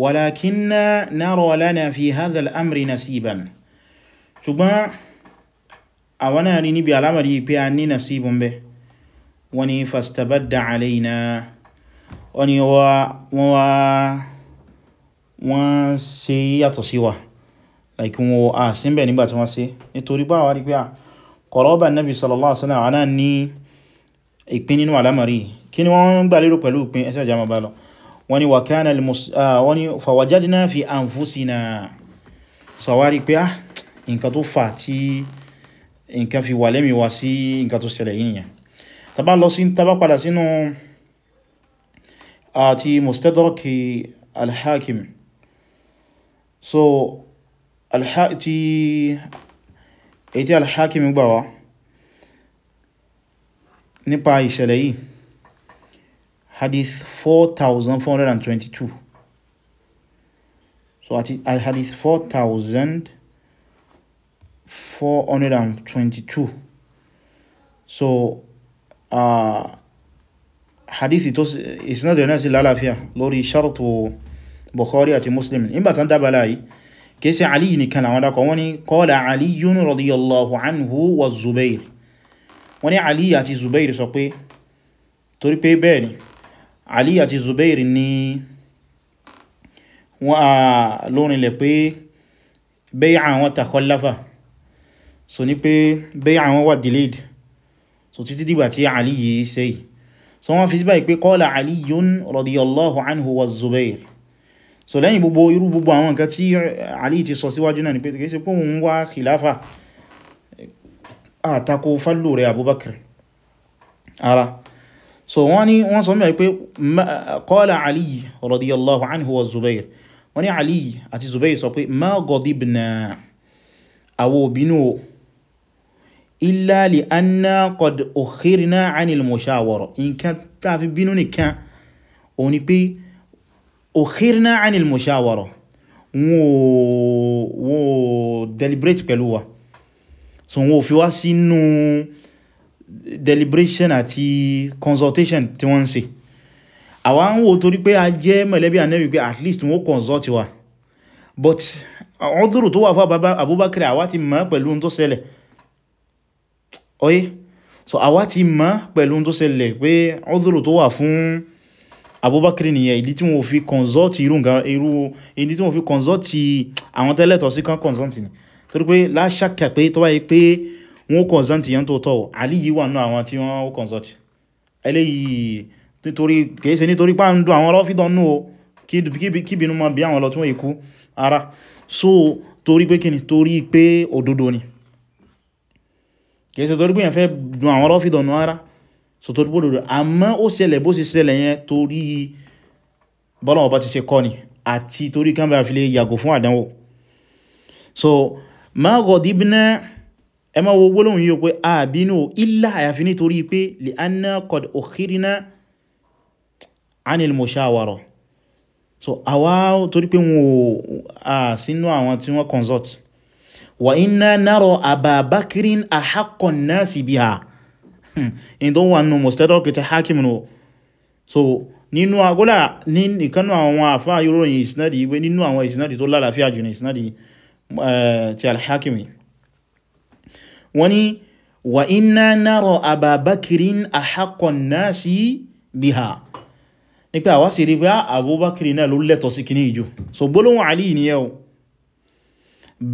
walakinna nara lana fi hadha al-amri nasiban ṣùgbọ́n àwọn náà ni bi alamari pé a ní nasibun bẹ́ wani ni fastabadda alayna wọ́n wa wọ́n ṣe yàtọ̀ siwa like wọn a ah, sí ń bẹ̀ nígbà tí wọ́n sí nítorí bá wà rí pé à ah, kọ̀rọ̀bà nabi sallallahu alaihi wasallam àná ní ìpín nínú alamari kí ni wọ́n gbà lérò pẹ̀lú ìpín ẹsẹ̀ ah, jama bá lọ wọ́n ni wakana wọ́n ni fawajadna fi anfusina sọwárí pé so èyí tí alhakimi gbà wá nípa ìṣẹ̀lẹ̀ yìí hadith 4422 so àti hadith 4422 so uh, hadithi tó ìsinadẹ̀ náà sí lálàáfíà lórí shartu Bukhari àti Muslim nígbàtán dábàlá yìí kéèsì alì nìkan àwọn dákọ̀ wọ́n ni qala aliyun radiyallahu anhu wa zubair wọ́n ni alì àti zubair sọ pé torí pé bẹ́ẹ̀ ni alì àti zubair ni wọ́n a lórinlẹ̀ pé bẹ́yà àwọn takhallafa so ní pé bẹ́yà àwọn wà delayed so títí dìgbà tí alì yìí sẹ́yì so wọ́n fi síbáyìí pé qala aliyun radiyallahu anhu wa zubair so lẹ́yìn gbogbo irú gbogbo àwọn nǹkan tí Ali ti sọ síwájú náà ni pé kìí ṣe pé òun wá khilafa àtakò fálò rẹ̀ Abubakar ara so wọ́n ni wọ́n sọ mẹ́ pé qala Ali radiyallahu anhu wa Zubair wọ́n ni Ali àti Zubair sọ pé ma ghadibna àwọ òkèrìnà anil mọ̀ṣáwọ̀rọ̀ wọ́n deliberate pẹ̀lú wa so wọ́n fi wá sínú deliberation àti consultation tí wọ́n ń ṣe àwa ń wo torí pé a jẹ́ mọ̀lẹ́bí Ànábì pé at least wọ́n consult wa but ọdúrù tó wà fún Abubakar àwa ti mọ̀ pẹ̀lú tó ṣẹlẹ̀ oye so àwa ti mọ̀ pẹ̀lú tó ṣẹlẹ̀ pé ọdúrù tó wà fún Abubakar nìyẹn ìdí tí wọ́n fi consult irú nǹkan irú ìdí tí wọ́n fi consult àwọn tẹ́lẹ̀tọ̀ sí kan consult ni torí pé láṣàkà pé tó wáyé pé wọ́n consult yẹn tó tọ́ Àlí yìí wà náà àwọn tí wọ́n consult eléyìí nítorí kìí nítorí pá ń dùn àwọn rọ́fídọ̀ nù o kíbinú ma bí àwọn lọ́tún ikú ara so torí pé kíni torí pé òdodo ni kìí ṣe torí pé yẹn fẹ́ dùn àwọn rọ́fídọ̀ nù ara so torí pé òdodo àmọ́ ó ṣẹlẹ̀ bó ṣe ṣẹlẹ̀ yẹn torí bọ́lọ̀wọ̀ bá ti ṣe kọ́ ni àti torí kan bá fi lè yàgò fún àdánwò so ma ghadibna ẹ máa wo gbólóhùn yíò pé àbínú illa àyàfi nítorí pé li anna qad anil mushawara so àwa torí pé wọn ò sínú àwọn tí wọ́n consult wa inna naro ababakirin ahakon nasi biha Hmm. in tó wà nínú mustadrak ti hakim so nínú agọ́lá ní ìkanú àwọn àfáà yóròyìn isnadi wé nínú àwọn isnadi tó lálàáfíà jù ní isnadi eh, ti alhakimi wọ́n ni wa inna naro ababakirin ahakon nasi biha ní pé àwa sì rí pé ah, abubakir náà ló lẹ́tọ̀ so gbólóhùn alì ni yau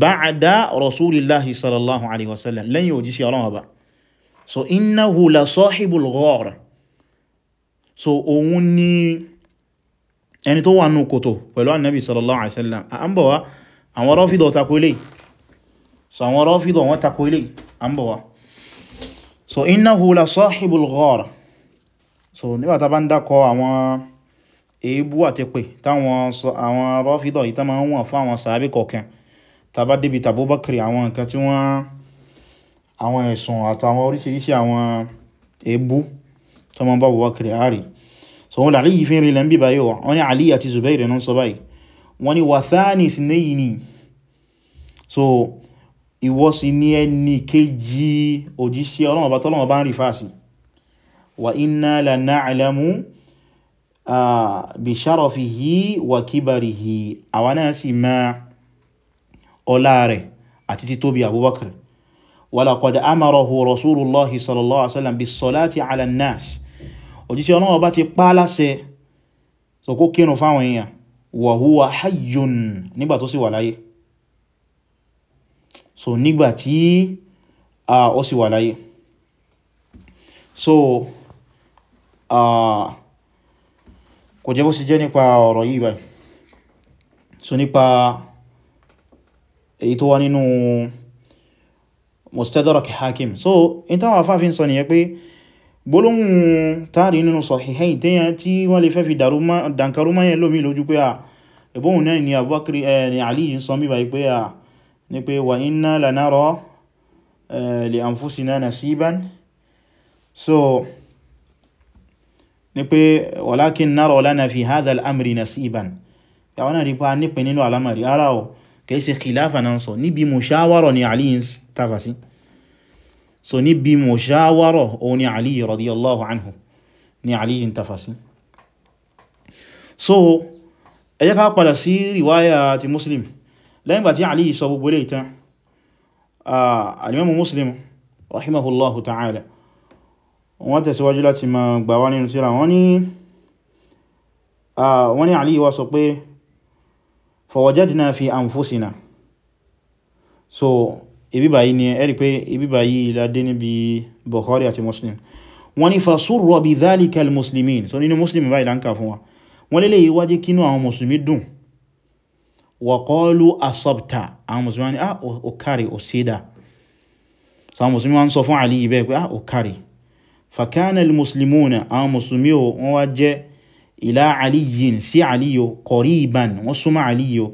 ba'da rasulillahi sallallahu alaihi wasallam lẹ́yìn òjíṣẹ́ ọlọ́wọ́ ba so innahu la sahibul ghar so òun ni ẹni tó wà nù kòtò pẹ̀lú annabi sallallahu alaihi wasallam a ń bọ̀ àwọn rọ́fídọ̀ takò ilé so àwọn rọ́fídọ̀ wọn takò ilé a ń bọ̀ wá so innahu la sahibul ghar so nígbàtà bá ń dákọ àwọn èébú àti pè táwọn àwọn rọ́fídọ̀ yìí tá máa ń wọ̀n fún àwọn sàábì kọ̀ọ̀kan tàbá débi tàbúbákiri àwọn nǹkan tí wọ́n àwọn ẹ̀sùn àtàwọn oríṣiríṣi àwọn èébú tó mọ́ bá Abubakar àárí so wọ́n làlí yìí fi ń rí lẹ́mbí báyìí wọ́n ní Ali àti Zubair náà sọ báyìí wọ́n ní wàtháni sí nẹ́yìn ni so ìwọ sì ní ẹni kejì òjíṣẹ́ ọlọ́mọba tọ́lọ́mọ bá ń rí náà sì máa walaqad amarahu rasulullahi sallallahu alaihi wasallam bis salati ala an-nas òjíṣẹ́ Ọlọ́run bá ti pa láṣẹ so kó kírun fáwọn èèyàn wa huwa hayyun nígbà tó sì wà láyé so nígbà tí a ó sì wà láyé so kò jẹ́ bó sì jẹ́ nípa ọ̀rọ̀ yìí báyìí so nípa èyí tó wá nínú مستدرك حاكم سو انت وافا في سنيه بي بولون تاري نو صحيحين تي تي ولي في في داروما دانكاروما يان لومي لوجو بي ابو هنا ني ابو بكر آه، ني علي سومي باي بي ني بي واننا لنرى آه، لانفسنا نصيبا سو ni pe walakin naro lana fi hadha al'amri nasiban ya wani ripa ni pe ninu alamari ara o ke se khilafa nan so ni bi mushawara ni aliyu tàbà sí so níbi mọ̀ṣáwárọ̀ òun ni Aliyu radiyallahu anhu ni Aliyu ń tàfà sí so ẹ jẹ́ ká padà sí riwaya ti Muslim lẹ́yìn bá tí Aliyu sọ gbogbo lè tán alimamu Muslim rahimahullahu ta'ala wọ́n tẹ̀síwájú láti ma gbà wá nínú síra wọ́n ni Aliyu wá sọ pé fawajadna fi anfusina so ibi báyìí ni ẹ rí pé ibi báyìí la dé níbi Bukhari àti Muslim wọ́n ní fasurro bi dhalikal muslimin so nínú muslim báyìí la ń kà fún wa wọ́n lélẹ̀ yìí wájé kínú àwọn musulmi dùn wa qalu asabta àwọn musulmi ah o kare o seda so àwọn musulmi wọ́n sọ fún Ali ibẹ̀ pé ah o kare fakana muslimuna àwọn musulmi wọ́n wá jẹ́ ila aliyin sí aliyo qariban wọ́n súnmọ́ aliyo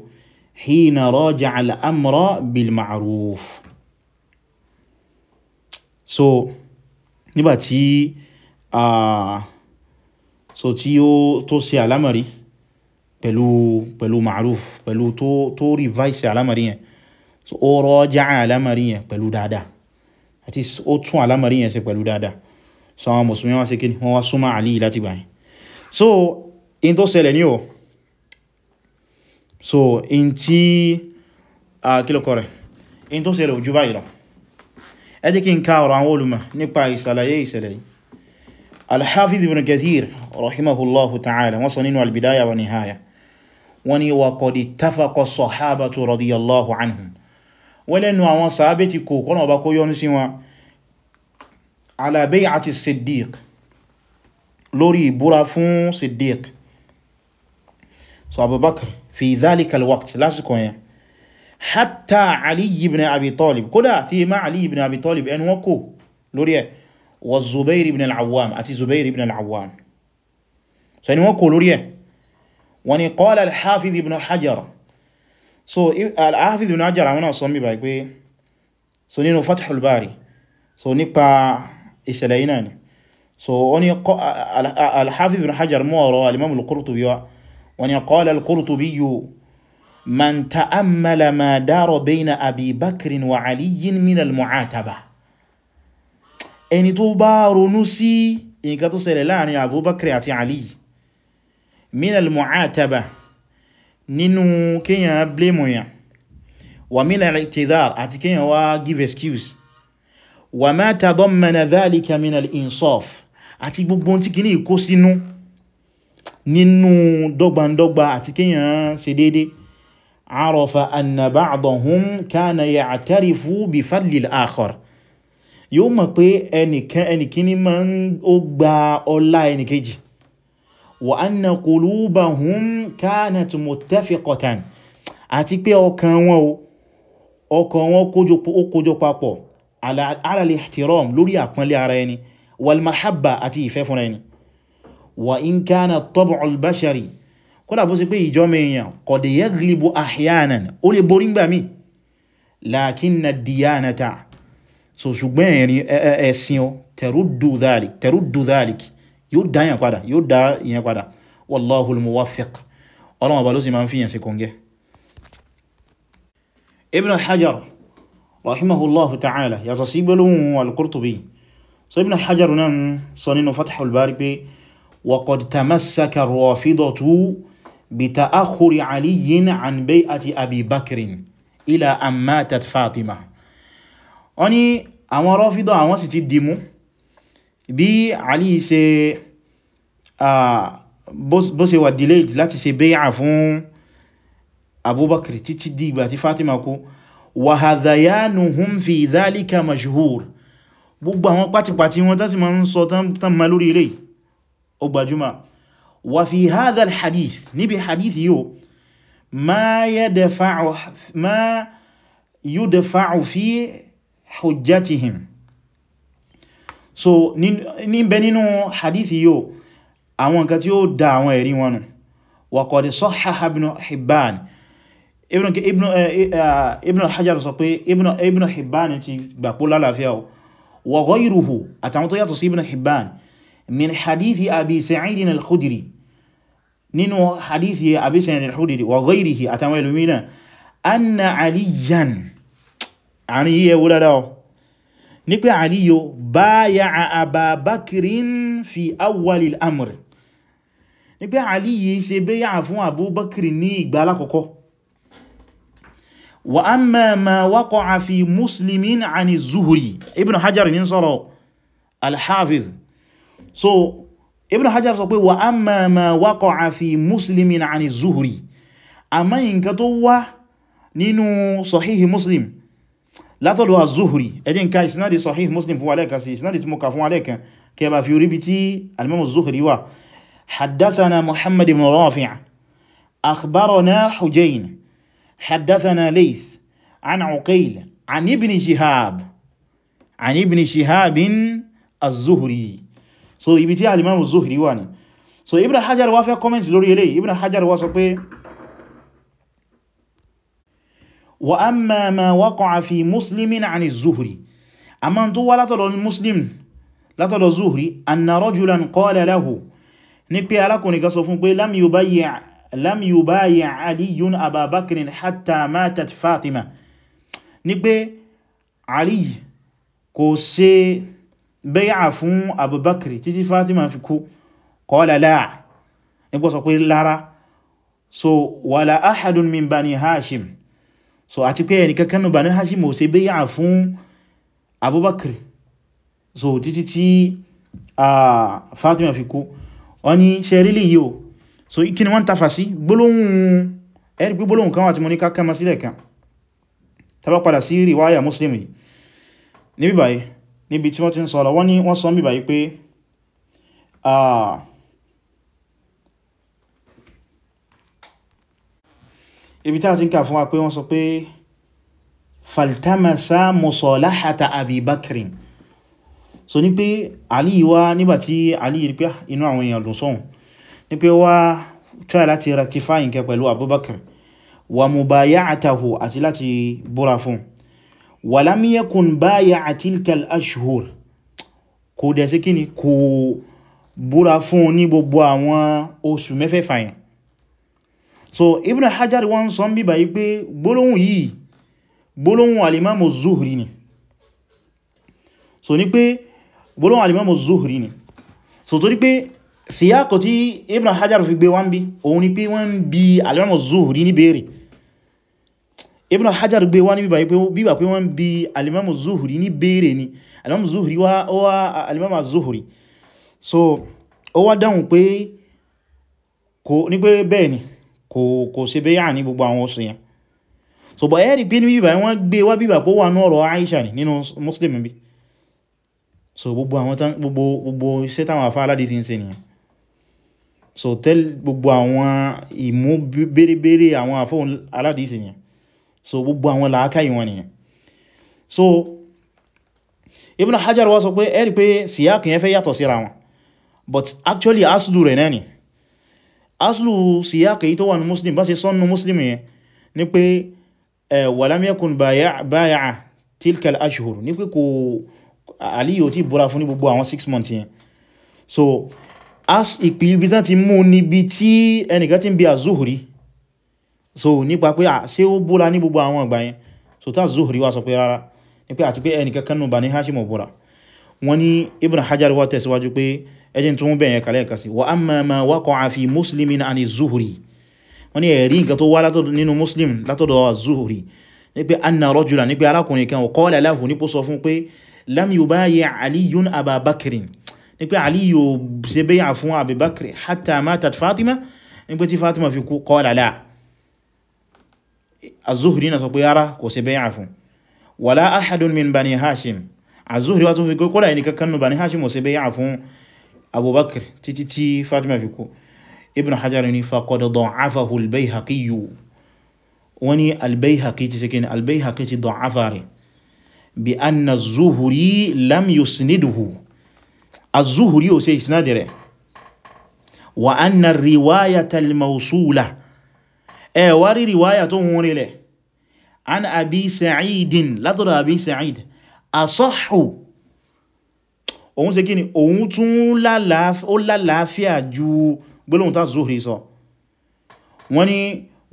hina raja'a al bil ma'ruf so nígbàtí a so tí ó tó ṣe alamari pẹ̀lú pẹ̀lú ma'ruf pẹ̀lú tó tó revise alamari yẹn so ó já alamari yẹn pẹ̀lú dada, àti ó tún alamari yẹn se pẹ̀lú dada, so àwọn musulmi wọ́n se kí wọ́n wá súnmọ́ àlì láti gbà yẹn so in tó ṣẹlẹ̀ ní o so in tí a kílọ̀kọ̀ rẹ̀ in tó ṣẹlẹ̀ ojú báyìí lọ ẹ jẹ́ kí n ká ọ̀rọ̀ àwọn olùmọ̀ nípa ìsàlàyé ìṣẹ̀lẹ̀ yìí al-Hafiz ibn Kathir rahimahullahu ta'ala wọ́n sọ nínú al-Bidaya wa Nihaya wọ́n ní wa qad ittafaqa as-sahabatu radiyallahu anhum wọ́n lẹ́nu àwọn sàábé ti kò kọ́nà ọba kó yọ́nú sí wọn ala Siddiq lórí ìbúra fún Siddiq so Abubakar fi dhalika al lásìkò yẹn hatta ali ibn abi talib kódà tí ma ali ibn abi talib ẹnu wọn kò lórí ẹ̀ wa zubair ibn al-awwam àti zubair ibn al-awwam so ẹnu wọn kò lórí ẹ̀ wọ́n ní qala al ibn hajar so al-hafiz ibn hajar àwọn náà sọ báyìí pé so nínú fathul bari so nípa ìṣẹ̀lẹ̀ iná ni so wọ́n ní al-hafiz ibn hajar mọ́ ọ̀rọ̀ al-imam al wọ́n ní qala al yóò من تأمل ما دار بين أبي بكر وعلي من المعاتبة ẹni tó bá ronú sí nǹkan tó ṣẹlẹ̀ láàrin abubakar àti ali minal mu'ataba nínú kíyàn blamoyan wa minal i'tidhar àti kíyàn wá give excuse wa ma tadammana dhalika minal insaf àti gbogbo tí kì ní ìkó sínú nínú dọ́gbandọ́gba àti kíyàn ṣe déédéé عرف أن بعضهم كان يعترف بفضل الآخر yóò mọ̀ pé ẹnìkíní ma ń ó gba ọlá ẹnìkejì wa anna qulubahum kanat muttafiqatan àti pé ọkàn wọn ọkàn wọn ó kójọ papọ̀ ala al-ihtiram lórí àpọ́nlé ara ẹni wal mahabba àti ìfẹ́ fún ẹni wa in kana at-tab'u al-bashari kódà bó ṣe pé ìjọmọ èèyàn kọ̀dẹ̀ yaglibu ahyanan ó lè borí ngbà mí lakinna diyanata so ṣùgbọ́n ẹ̀sìn taruddu dhalik yóò dá yẹn padà yóò dá yẹn padà wallahu al-muwaffiq ọlọ́wọ́ bá ló sì máa ń fíyàn sí kòǹgẹ́ ibn hajar rahimahullahu ta'ala yàtọ̀ sí gbẹ́lóhun al-qurtubi so ibn hajar náà sọ nínú fathul wa qad tamassaka ar بتأخر علي عن بيعة أبي بكر إلى أن ماتت فاطمة wọ́n ní àwọn Rāfidah àwọn sì ti dìmú bí Ali ṣe bó ṣe wà delayed láti ṣe bẹ́yà fún Abubakar títí di ìgbà tí Fatima kú wa hadhayanuhum fi dhalika mashhur gbogbo àwọn pátipàti wọn tán sì ma ń sọ tán ma ilé ó وفي هذا الحديث نبي حديث يو ما يدفع ما يدفع في hujjatihim so ní bẹ nínú hadith yíò àwọn nǹkan tí ó dá àwọn ẹ̀rí wọn nù wa qad sahhaha ibn hibban ibn al-hajar eh, eh, eh, sọ pé ibn hibban ti gbàpó lálàáfíà wa ghayruhu àtàwọn tó yàtọ̀ sí ibn hibban من حديث أبي سعيد الخدري نينو حديث أبي سعيد الخدري وغيره أتمنى لمينا أن عليا عن يعني إيه أولا لو نبي علي بايع أبا بكر في أول الأمر نبي علي ṣe bé yáà fún àbúbákìrì ní ìgbà alákọ̀ọ́kọ́. wà á mẹ́mẹ́ wákọ̀ àfi musulmi àni zuhuri ibn hajjari ní sọ́rọ̀ alhavid so Ibn Hajar sọ pé wa amma ma waqa'a fi muslimin ani zuhri àmá nǹkan tó wá nínú sahihi muslim látọ̀lọ́ az-zuhri ẹjẹ́ nǹkan ìsinadi sahihi muslim fún alẹ́kan sí ìsinadi tí mo kà fún alẹ́kan kẹba fi orí bí tí al-imam az-zuhri wà haddathana muhammad ibn rafi' akhbarana hujayn haddathana layth an uqayl an ibn shihab an ibn shihab az-zuhri so ibi tí alimamu zuhri wà ní so ibn hajar wá fẹ́ comments lórí eléyìí ibn hajar wá sọ pé wa amma ma waqa'a fi muslimin ani zuhri a ma tó wá látọ̀dọ̀ muslim látọ̀dọ̀ zuhri anna rajulan qala lahu ní pé alákùnrin kan sọ fún pé lam yubayya' lam yubayya' aliyun ababakrin hatta matat fatima ní pé ali kò ṣe bẹ́yà fún abubakri títí fatima fi kú qala la nígbọ́ sọ pé lára so wala ahadun min bani hashim so àti pé ẹni kankan bani hashim ò ṣe bẹ́yà fún abubakri so títí tí uh, fatima fi kú wọ́n ni ṣerílì yìí o so kí ni wọ́n tafa sí gbólóhùn ẹ̀rí pé gbólóhùn kan wà tí mo ní kákẹ́ mọ́ sílẹ̀ kan níbi tí wọ́n ti ń sọ̀rọ̀ wọ́n ni wọ́n sọ mìbà yí pé ibi tí a ti ń kà fún wa pé wọ́n sọ pé faltamasa musolahata abibakrin so ní pé Ali wá nígbàtí Ali rí pé ah, inú àwọn èèyàn lò sọ́hun ní pé wá try láti rectify nke pẹ̀lú Abubakar wa mubayatahu àti láti búra fún walam yakun baya'a tilka al-ashhur kò dẹ̀ sí kíni kò búra fún ní gbogbo àwọn oṣù mẹ́fẹ̀ẹ̀fà yẹn so Ibn Hajar wọ́n sọ ń bíbà yí pé gbólóhùn yìí gbólóhùn alimamu zuhri ni so ní pé gbólóhùn alimamu zuhri ni so torí pé síyákọ̀ tí Ibn Hajar fi gbé wọ́n bí òun ni pé wọ́n bí alimamu zuhri ní béèrè Ibn Hajar gbé wá níbi bíbà pé wọ́n bí alimamu Zuhri ní béèrè ni alimamu Zuhri wá wá alimamu Zuhri so ó wá dáhùn pé kò ní pé bẹ́ẹ̀ ni kò kò ṣe bẹ́yà ní gbogbo àwọn oṣù yẹn so bọ̀ ẹ́rì pé ní bíbà wọ́n gbé wá bíbà pó wà ní ọ̀rọ̀ Aisha ni nínú Muslim bí so gbogbo àwọn tán gbogbo gbogbo iṣẹ́ táwọn afá aládé ti ń ṣe nìyẹn so tell gbogbo àwọn ìmú bérebére àwọn afọ́ aládé ti nìyẹn so gbogbo àwọn làákàyè wọn nìyẹn so Ibn Hajar wá sọ pé ẹ rí pé síyákì yẹn fẹ́ yàtọ̀ síra wọn but actually aslu rẹ̀ náà ni aslu síyákì tó wà ní muslim bá ṣe sọ́nù muslim yẹn ni pé walam yakun báyà tilkal ashhur ni pé kò aliyu ti búra fún ní gbogbo àwọn 6 months yẹn so as ìpìlìbí tán ti mú níbi tí ẹnìkan ti ń bí azuhuri so nípa pé ṣé ó búra ní gbogbo àwọn ìgbà so tá zuhri wá sọ pé rárá ní pé àti pé ẹnìkankan nù bá ní hashim búra wọ́n ní ibn hajar wá tẹ̀síwájú pé ẹjẹ́ tó ń bẹ̀yẹn kalẹ̀ kasi wa amma ma waqa'a fi muslimin ani zuhri wọ́n ní ẹ̀rí nǹkan tó wá nínú muslim látọ̀dọ̀ zuhri ní pé anna rajula ní pé arákùnrin kan qala lahu ní pó sọ fún pé lam yubayi aliyun ababakirin ní pé aliyu ṣe bẹ́yà fún abubakir hatta matat fatima ní pé tí fatima fi qala la az-Zuhri náà sọ pé ara kò ṣe bẹ́yà fún wala ahadun min bani hashim az-Zuhri wá tún fi kókó láì ní kankan nù bani hashim ò ṣe bẹ́yà fún abubakar títí tí fatima fi kú ibn hajar ni faqad da'afahu al-Bayhaqi wọ́n ní al-Bayhaqi ti ṣekin al-Bayhaqi ti da'afa bi anna az-Zuhri lam yusniduhu az-Zuhri ò ṣe isnadi wa anna riwayatal mawsula ẹ wá rí riwaya tó hun rílẹ̀ an abi sa'idin látọ̀dọ̀ abi sa'id asọ́hù òun ṣe kíni òun tún lálàáfíà ju gbólóhùn tá zuhri sọ wọ́n ni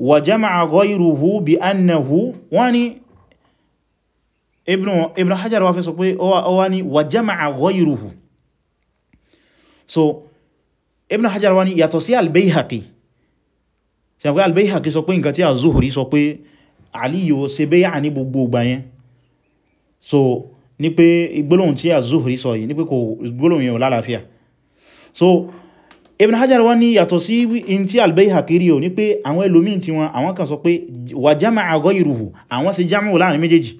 wa jama'a ghayruhu bi annahu wọ́n ni ibn hajar wá fẹ́ sọ pé ó wá ní wa jama'a ghayruhu yàtọ̀ sí al ṣàpẹ́ al-Bayhaqi sọ pé nǹkan tí az-Zuhri sọ pé Aliyu ṣe bẹ́yà ní gbogbo ìgbà so ní pé gbólóhùn tí az-Zuhri sọ yìí ní pé kò gbólóhùn yẹn lálàáfíà so Ibn Hajar wá ní yàtọ̀ sí in tí al-Bayhaqi rí o ní pé àwọn ẹlòmín tí wọn àwọn kan sọ pé wa jama'a ghayruhu àwọn ṣe jamu láàrin méjèèjì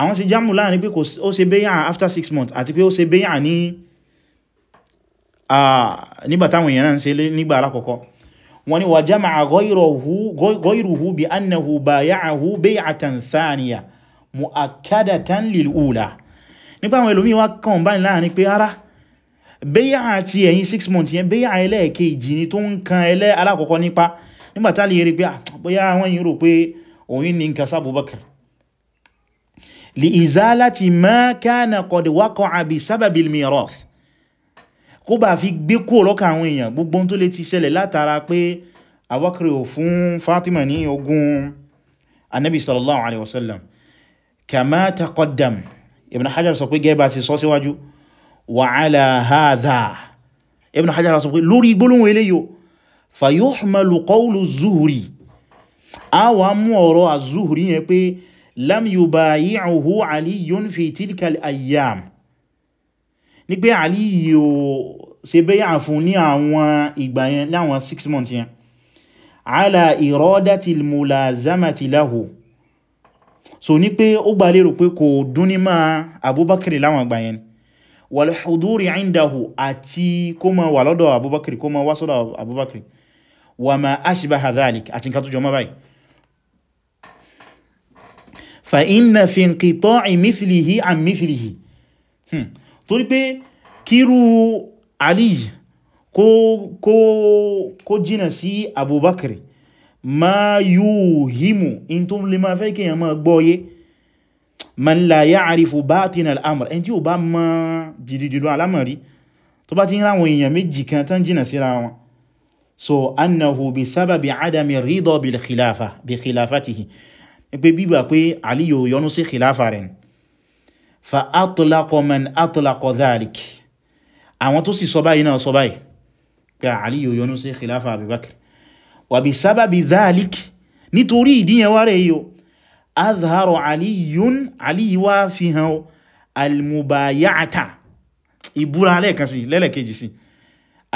àwọn ṣe jamu láàrin pé ó ṣe bẹ́yà after six months àti pé ó ṣe bẹ́yà ní nígbà táwọn èèyàn náà ń ṣe nígbà alákọ̀ọ́kọ́ wọ́n ní wà jama'a ghayruhu bí annahu bay'ahu bay'atan thaniya mu'akkadatan lil ula nípa àwọn ẹlòmí wá kàn báyìí láàrin pé ara bay'a ti ẹ̀yìn 6 months yẹn bay'a ẹlẹ́ẹ̀kejì ni tó ń kan ẹlẹ́ alákọ̀ọ́kọ́ nípa nígbàtá lè rí pé ah, bóyá àwọn yìí rò pé òun ní nǹkan sábúbakar li izalati ma kana qad waqa'a bi sababil kó bá fi gbé kúrò lọ́kàn àwọn èèyàn gbogbo tó lè ti ṣẹlẹ̀ látara pé Abubakri ò fún Fatima ní ogún Annabi sallallahu alaihi wasallam kama taqaddam Ibn Hajar sọ pé gẹ́bà ti sọ síwájú wa ala hadha Ibn Hajar sọ pé lórí gbólóhùn eléyò fayuhmalu qawlu zuhuri a wà mú ọ̀rọ̀ az-Zuhri yẹn pé lam yubayi'uhu Aliyun fi tilka ayyam ní pé Àlí ò ṣe bẹ́yà fún ní àwọn ìgbà yẹn ní àwọn 6 months yẹn ala iradati al-mulazamati lahu so ní pé ó gbà lérò pé kò dúnní ma Abubakar láwọn ìgbà yẹn wal huduri indahu àti kó ma wà lọ́dọ̀ Abubakar kó ma wá sọ́dọ̀ Abubakar wa ma ashbaha dhalik àti nǹkan tó jọ mọ́ báyìí fa inna fi inqita'i mithlihi an hmm torí pé kíru Ali kó jìnà sí Abubakar ma yuhimu in tó lè máa fẹ́ kí èyàn máa gbọ́yé man la ya'rifu batina al-amr ẹni tí ó bá mọ̀ jìdìdìdò alámọ̀rí tó bá ti ń ráwọn èèyàn méjì kan tán jìnà síra wọn so annahu bi sábàbí adami ridọ bi khilafatihi pé bíbà pé Ali yóò yọnú sí khilafa rẹ̀ fa atlaqa man atlaqa dhalik àwọn tó sì sọ báyìí náà sọ báyìí pé Ali yọ́nú sí khilafa Abubakar wa bi sababi dhalik nítorí ìdíyẹn wá rẹ̀ yíò azharu aliyun aliwa fi hàn almubayata ìbúra lẹ́ẹ̀kan sí lẹ́lẹ̀kejì sí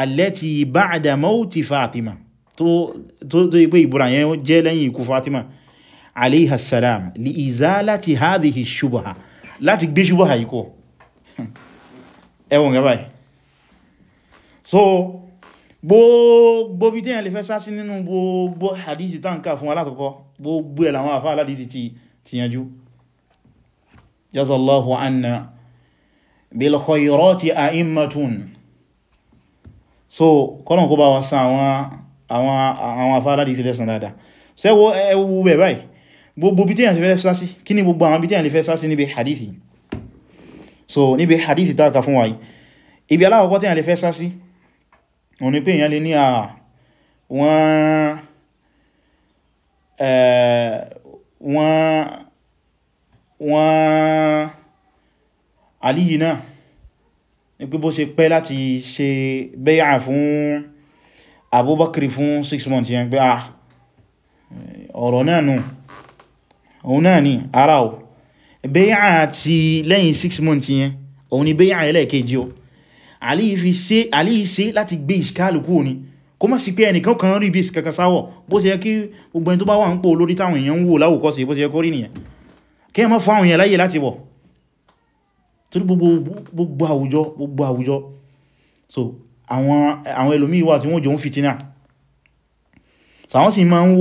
allati ba'da mauti fatima tó tó ipé ìbúra yẹn jẹ́ lẹ́yìn ikú fatima alayhassalam li izalati hadhihi shubha láti gbé ṣubá àyíkọ́ ẹwọ̀n rẹ̀ báyìí so gbogbo bí tẹ́yàn lè fẹ́ sá sí nínú gbogbo hadithi tánkà fún alátọ́kọ́ gbogbo ẹ̀ làwọn àfá aládìí ti tìyànjú jazallahu anna bil khayrati a'immatun so kọ́nà kó bá wá sá àwọn àfá aládìí ti lẹ́sàn dáadáa sẹ́wọ́ ẹwú bẹ̀ báyìí gbogbo bí tíyàn lè fẹ́ sásí kí ní gbogbo àwọn bí tíyàn lè fẹ́ sásí níbi hadithi so níbi hadithi tààkà fún wáyí ibi aláwọ̀kọ́ tíyàn lè fẹ́ sásí wọ́n ní pé èyàn lè ní à wọ́n aliyu náà ní pé bó ṣe pẹ́ láti ṣe bẹ́yà fún abubakar fún 6 months yẹn pé à ọ̀rọ̀ náà nù no òun náà ni ara ò bẹ́yà ti lẹ́yìn 6 months yẹn òun ni bẹ́yà ẹlẹ́ẹ̀kejì o Àlí ṣe láti gbé ìṣkálù kúrò ní kó má sí pé ẹnìkan kan rí bí i kankan sáwọ̀ bó ṣe yẹ kí gbogbo ẹni tó bá wà ń pò lórí táwọn èèyàn ń wò láwòkọ́sí bó so àwọn ẹlòmíì wà tí wọ́n jọ ń fìtínà so àwọn sì máa ń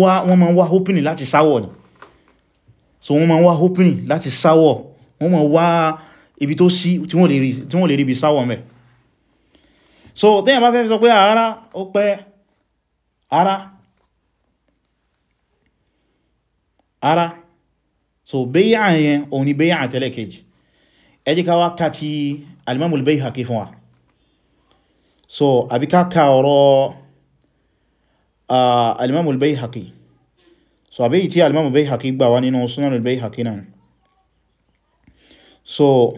ni so wọ́n ma wá opening láti sáwọ̀ wọ́n ma wá ibi tó sí tí wọ́n lè rí ibi sáwọ̀ mẹ́ so then bá fẹ́ sọ pé ara ó pẹ́ ara ara so bẹ́yà yẹn òun ni bẹ́yà tẹ́lẹ̀ kejì ẹjíká wá ká ti alimamul Bayhaqi fún wa so àbíká ká ọ̀rọ̀ alimamul Bayhaqi so àbí tí alimamu Bayhaqi gbà wá nínú sunan al-Bayhaqi náà so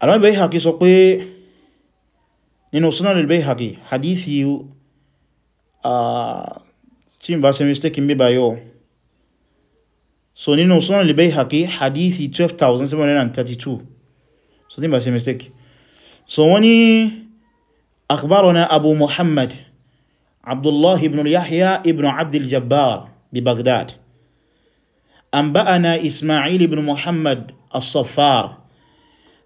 alimamu Bayhaqi sọ pé nínú sunan al-Bayhaqi hadithi tí n bá ṣe mistake n bíbá yóò so nínú sunan al-Bayhaqi hadithi 12732 so tí n bá ṣe mistake so wọ́n ní akhbarana abu muhammad عبد الله بن يحيى ابن عبد الجبار ببغداد أنبأنا إسماعيل بن محمد الصفار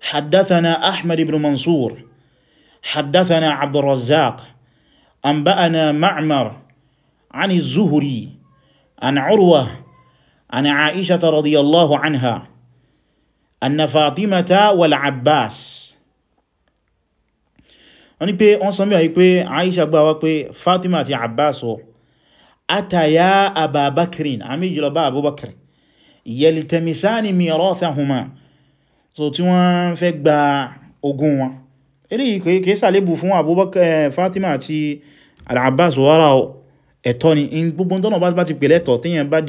حدثنا أحمد بن منصور حدثنا عبد الرزاق أنبأنا معمر عن الزهري عن عروة عن عائشة رضي الله عنها أن فاطمة والعباس wọ́n ní pé wọ́n sọ mẹ́wàá pé Aisha gbà wá pé Fatima àti Abbas sọ ataya ababakirin àmì ìjìlọba Abubakar yẹlìtẹ̀mísáni mirathahuma so tí wọ́n fẹ́ gba ogún wọn eléyìí kìí sàlébù fún eh, Fatima àti Al-Abbas wọ́ra ẹ̀tọ́ ni in gbogbo tọ́nà bá ti pèlẹ̀ tọ̀ tíyàn bá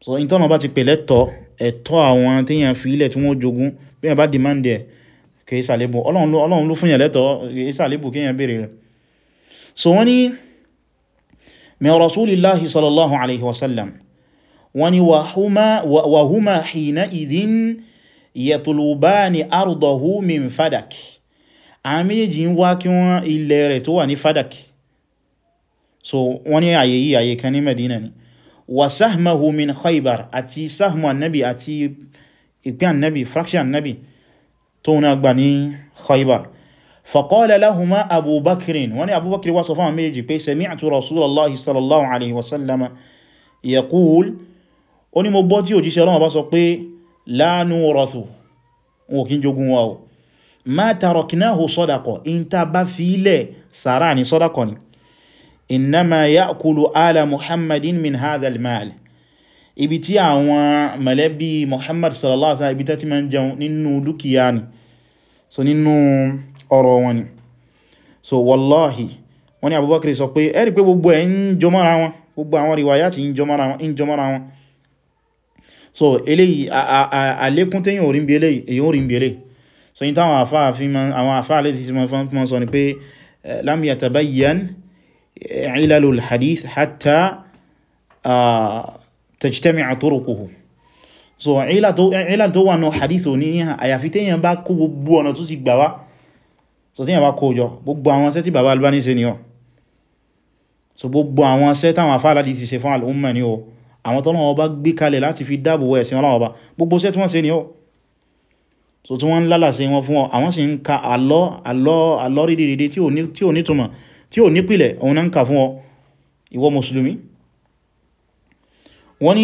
so in tọ́nà bá ti pèlẹ̀ tọ̀ ẹ̀tọ́ àwọn tíyàn fi tí wọ́n jogún bí wọ́n bá kìí sàlébù ọlọ́run ló fún yẹn lẹ́tọ̀ kìí sàlébù kí yẹn bèèrè rẹ̀ so wọ́n ni min rasulillahi sallallahu alaihi wasallam wọ́n ni wa huma hina idhin yatlubani ardahu min fadak àmìjì ń wá kí wọ́n ilẹ̀ rẹ̀ tó wà ní fadak so wọ́n ni àyè yìí àyè kan ní medina ni wa sahmahu min khaybar àti sahmu annabi àti ìpín annabi fraction annabi tóun náà gbà ní Khaybar faqala lahuma Abu Bakrin wọ́n ni Abu Bakr wá sọ fún àwọn méjì pé sami'tu Rasulallahi sallallahu alaihi wasallama yaqul ó ní mo gbọ́ tí òjíṣẹ́ Ọlọ́run bá sọ pé la nurathu wọn kí jogun wa o ma taraknahu sadaqa in ta bá fílẹ̀ sàrá ní sadaqa ni innama ya'kulu ala muhammadin min hadha mal ibi tí àwọn mọ̀lẹ́bí muhammad sallallahu alaihi wasallam ibi tí ma ń jẹun nínú dúkìá ni so nínú ọ̀rọ̀ wọn so wallahi wọ́n ní Abubakar sọ pé ẹ rí pé gbogbo ẹ̀ ń jọ mọ́ra gbogbo àwọn riwayati ń jọ mọ́ra wọn so eléyìí àlékún téyàn orí ń bí eléyìí èyàn orí ń bí eléyìí so yí táwọn àfáà fi mọ́ àwọn àfáà lè ti mọ́ sọ ni pé eh, lam yatabayyan eh, ilalul hadith hatta ah, tajtami'a turuquhu so ìlà tó wà náà hadith ní ni àyàfi téèyàn bá kó gbogbo ọ̀nà tó sì gbà wá so téèyàn bá kó jọ gbogbo àwọn ṣẹ́ tí bàbá Albani ṣe ni ọ so gbogbo àwọn ṣẹ́ táwọn afá aládì ti ṣe fún al'umma ni ọ àwọn tọ́lọ́wọ́ bá gbé kalẹ̀ láti fi dáàbò wọ ẹ̀sìn ọlọ́wọ́ bá gbogbo ṣẹ́ tí wọ́n ṣe ni ọ so tí wọ́n ń lálàsẹ̀ wọn fún ọ àwọn sì ń ka àlọ́ àlọ́ àlọ́ rídìrídì tí ò nítumọ̀ tí ò nípìlẹ̀ òun náà ń ka fún ọ ìwọ mùsùlùmí wọ́n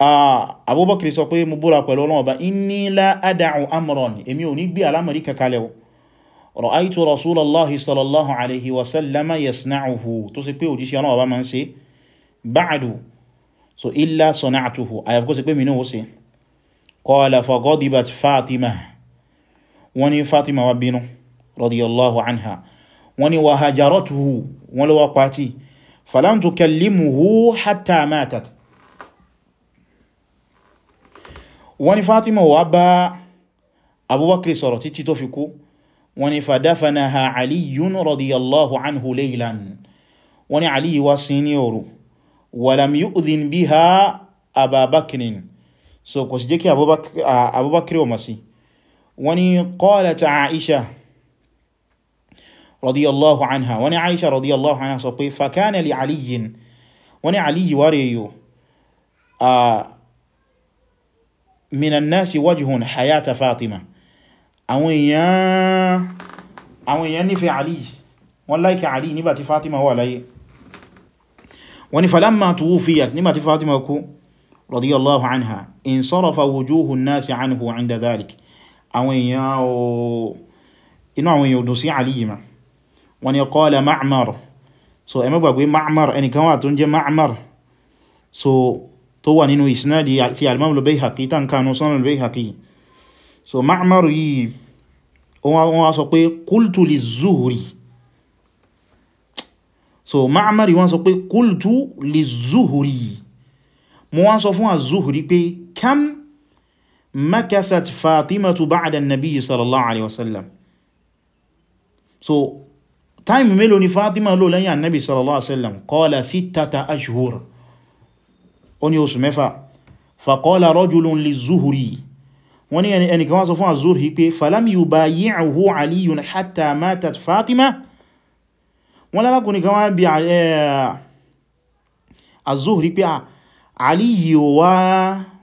Abubakar sọ pé mo búra pẹ̀lú Ọlọ́run Ọba inni la ada'u amran èmi ò ní gbé alámọ̀rí kankan lẹ́wọ̀ ra'aytu rasulallahi sallallahu alaihi wasallama yasna'uhu tó sì pé òjíṣẹ́ Ọlọ́run Ọba ma ń ṣe ba'du so illa sana'tuhu àyàfikó sí pé mi náà ṣe qala fagodibat fatima wọ́n fatima wọ́n ní Fatima wá bá Abubakar sọ̀rọ̀ títí tó fi kú wọ́n ní fadafanaha aliyun radiyallahu anhu laylan wọ́n ní aliyu wá sin ní òru walam yu'dhin biha ababakirin so kò sì jẹ́ kí Abubakar wọ́n masí wọ́n ní qalat Aisha radiyallahu anha wọ́n ní Aisha radiyallahu anha sọ pé fakana li aliyin wọ́n ní aliyu rẹ̀ yóò min an-nasi wajhun hayata Fatima àwọn èèyàn àwọn èèyàn nífẹ̀ẹ́ Ali wọ́n láìkẹ́ Ali nígbàtí Fatima wà láyé wọ́n ni falamma tuwufiyat nígbàtí Fatima kú radiyallahu anha in sarafa wujuhu an-nasi anhu 'inda dhalik àwọn èèyàn o inú àwọn èèyàn odò sí Ali yìí ma wọ́n ni qala Ma'mar so ẹ má gbàgbé Ma'mar ẹnìkan wà tó ń jẹ́ Ma'mar so tó wà nínú ìsinádi àti al-Imam al-Bayhaqi tán kanu Sunan al-Bayhaqi so Ma'mar yìí wọ́n wá sọ pé qultu liz-Zuhri so Ma'mar yìí wọ́n sọ pé qultu liz-Zuhri mo wá sọ fún az-Zuhri pé kam makathat Fatimatu ba'da nabi sallallahu alaihi wasallam so time mélòó ni Fatima lò lẹ́yìn annabi sallallahu alaihi wasallam qala sittata ó ní oṣù mẹ́fà faqala rajulun li zuhuri wọ́n ní ẹnìkan wá sọ fún az-zuhri pé falam yubayi'uhu aliyun hatta matat fatima wọ́n lálákùnrin kan wá bí eh, az-zuhri pé ah, ali yíò wá